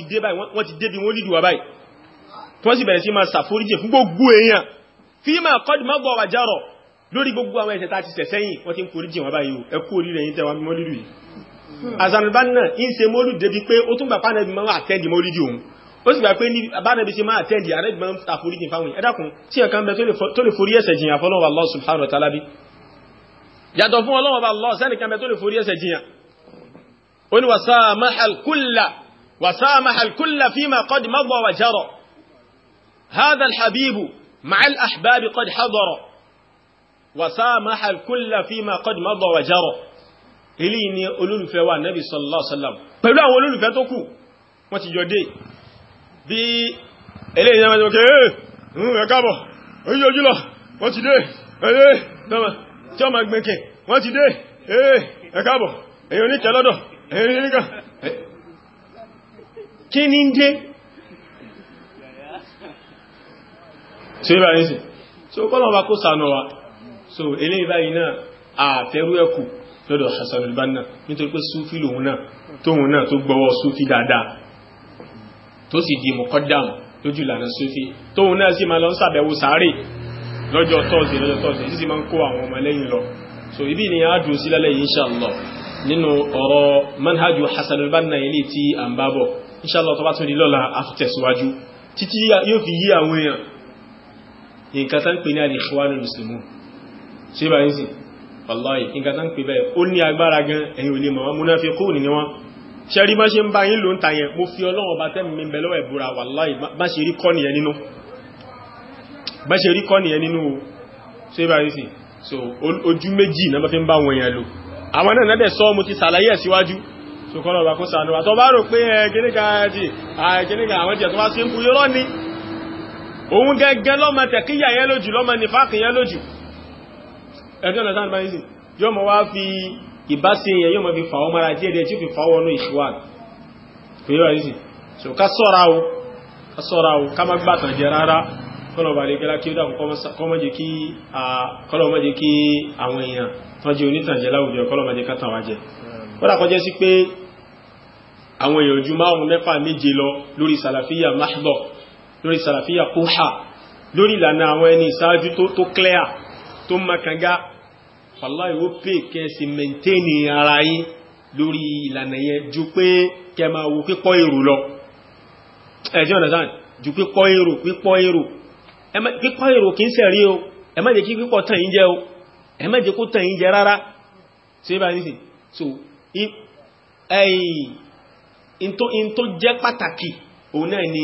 ti dé bí mọ́lídì wà báyìí wọ́n sì bẹ̀rẹ̀ sí máa sàforíjìn fún gbogbo èèyàn fíìmà kọ́dù má bọ̀ wàjárọ̀ lórí gbogbo àwọn ẹ̀ṣẹ̀ tàà ti ṣẹ̀ sẹ́yìn wọ́n ti ń kórí jìn wọ́n báyìí ẹ kú orí rẹ̀ yìí tẹ́wàá mọ́lúdù yìí azanubana ń ṣe mọ́lúdù débi pé ó tún gbà pánẹ́bì máa àtẹ́ndì mọ́lúdù òun ó sì gbà pé ní abánẹ́bì ṣe máa àtẹ́ndì àrẹ́bì máa àforíjìn fáwọn ẹ tí ẹ̀ kan bẹ tó lè forí ẹ̀ṣẹ̀ jìyàn fọlọ́wọ́ Allah subhanahu wa ta'ala bí yàtọ̀ fún ọlọ́wọ́ bá Allah sẹ́nì kan bẹ tó lè forí ẹ̀ṣẹ̀ jìyàn ó ní wasamahal kulla wasamahal kulla fima qad madha wa مع الأحباب قد حضر وسامح الكل فيما قد مضى وجرى èyí ni olólùfẹ́ wa nẹ́bí sallallahu alaihi wasallam pẹ̀lú àwọn olólùfẹ́ tó kù wọ́n ti jọ dé bí eléyìí náà wọ́n kẹ́ ẹ̀ẹ́ ẹ̀kábọ̀ oúnjẹ ojúlọ wọ́n ti dé ẹ̀ẹ́ tí ó ma gbẹ̀kẹ̀ wọ́n ti dé ẹ̀ẹ́ ẹ̀kábọ̀ èyí oníkẹ́ lọ́dọ̀ èyí oníkẹ́ so yíba ní sí so kọ́lọ̀ bá kó sànà wa so eléyìí báyìí náà àtẹ́rú ẹ̀kù lọ́dọ̀ Hassan al-Banna nítorí pé súfí lòun náà tóun náà tó gbọ́wọ́ súfí dáadáa tó sì di mọ̀kọ́dàm lójú ìlànà súfí tóun náà sì máa lọ sàbẹ̀wò sáré lọ́jọ́ tọ́ọ̀sì so ibi ni a dùn sí lálẹ́ yìí inshallah nínú Hassan al-Banna ilé tí à ń bábọ̀ inshallah tó bá tún di lọ́la títí yóò fi yí àwọn èèyàn nǹkan tán pè ní al-ikhwanul muslimun ṣe bá yìí sí wallahi nǹkan tán pè bẹ́ẹ̀ ó ní agbára gan ẹ̀yin ò lè mọ̀ wọn munafiqun ni wọ́n ṣe rí bá ṣe ń bá yín ló ń ta yẹn mo fi ọlọ́wọ́ bá tẹ́ mi bẹ̀lọ́ ẹ̀bùra wallahi bá ṣe rí kọ́ nìyẹn nínú bá ṣe rí kọ́ nìyẹn nínú ṣe bá yìí sí so ojú méjì náà bá fi ń bá wọn yẹn lò àwọn náà nẹ́bẹ̀ sọ mo ti sàlàyé ẹ̀ síwájú ṣùkọ́lọ̀ bá kó sànú àtọ́ bá rò pé ẹ̀ eh, kíníkà àwọn jẹ̀ tó bá ṣe ń kú yọ́rọ́ ni òun gẹ́gẹ́ lọ́mọ tẹ̀kíyà yẹn lójú lọ́mọ nífàkì yẹn lójú ẹgbẹ́ ọ̀nà sáàdùmá yìí yóò mọ̀ wá mara díẹ̀ díẹ̀ tí ó fi fàwọ́ so ká sọ́ra o ká sọ́ra o ká má gbà tàn jẹ rárá kọ́lọ̀bà lè gẹ́lá kí ó dàkú kọ́lọ̀mọ́ jẹ́ kí àwọn èèyàn tán jẹ́ onítànjẹ láwùjọ kọ́lọ̀mọ́ jẹ́ kátàwà jẹ ó dàkọ́ jẹ́ sí pé àwọn ojú márùn-ún mẹ́fà méje lọ lórí sàlàfíyà mahdọ̀ lórí sàràfíà kó hà lórí ìlànà àwọn ẹni ìsáájú tó clear tó makanga wàláì ó pè kẹsì mẹ́ntẹ́nì ara yín lórí ìlànà yẹn ju pé kẹ máa wo pípọ́ èrò lọ ẹ̀jọ́ ọ̀nà sáà ju pípọ́ èrò pípọ́ èrò pípọ́ èrò kì í sẹ̀rí o ẹ má jẹ́ kí pípọ́ tàn yín jẹ o ẹ má jẹ́ kó tàn yín jẹ rárá ṣe bá ní sí so ẹ̀yìn in tó jẹ́ pàtàkì òun náà ni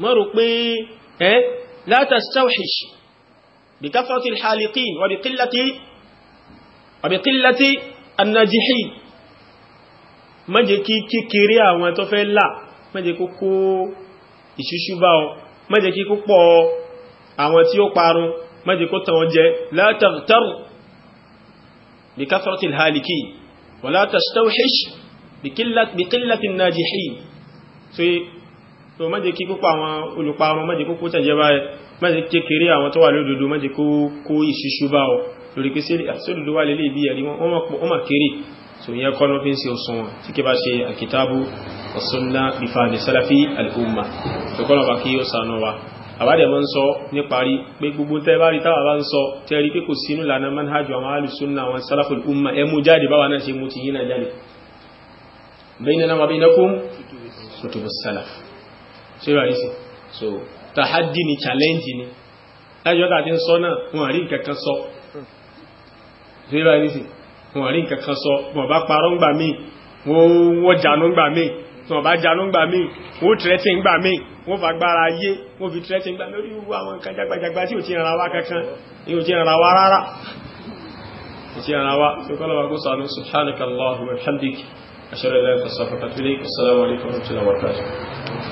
mọ́ rò pé ẹ́ eh, la tastawhish bi kathrati al-haliqin wa bi qillati wa bi qillati an-najihin má jẹ́ kí kékeré àwọn tó fẹ́ là má jẹ́ kó kó ìṣúṣú bá ọ má jẹ́ kí púpọ̀ àwọn tí ó parun má kó tàn jẹ la taghtar bi kathrati al-haliqin wa la tastawhish so má jẹ́ kí kópa àwọn olùparun má jẹ́ kó kó tẹ̀jẹ́ báyẹ má jẹ́ kékeré àwọn tó wà lódodo má jẹ́ kó ìṣíṣú bá ọ lórí pé sódodo wà lélẹ̀ ibi ẹ̀rí wọn mà kéré so yẹn kọ́ ló fi ń ṣe òsùn wọn tí kí bá ṣe àkìtábù ọ̀sánlá ìfàdé sálàfí àlùkùnmà tó wa àbádẹ̀ mọ́ ń sọ níparí pé gbogbo tẹ́ bainana wa bainakum kutubu síra ní sí so tàhádì ni challenge ni lájọ́ tàbí ń sọ náà wọ́n rí nǹkankan sọ síra ní sí wọ́n rí nǹkankan sọ wọ́n bá parọ́ ń gbà mí wọ́n jànú ń gbà mí wọ́n bá jànú ń gbà mí wọ́n tẹ̀rẹ́tì ń gbà mí wọ́n fagbára ayé wọ́n fi tẹ̀rẹ́tì ń gbà mí orí wọ́n àwọn nǹkan jagbajagba tí ò ti ràn wá kankan ni ò ti ràn wá rárá ò ti ràn wá tó kọ́ lọ́wọ́ kó sànú subhanaka Allahumma wa bihamdik ashhadu an la ilaha illa anta astaghfiruka wa atubu ilaik assalamu alaikum wa rahmatullahi wa barakatuh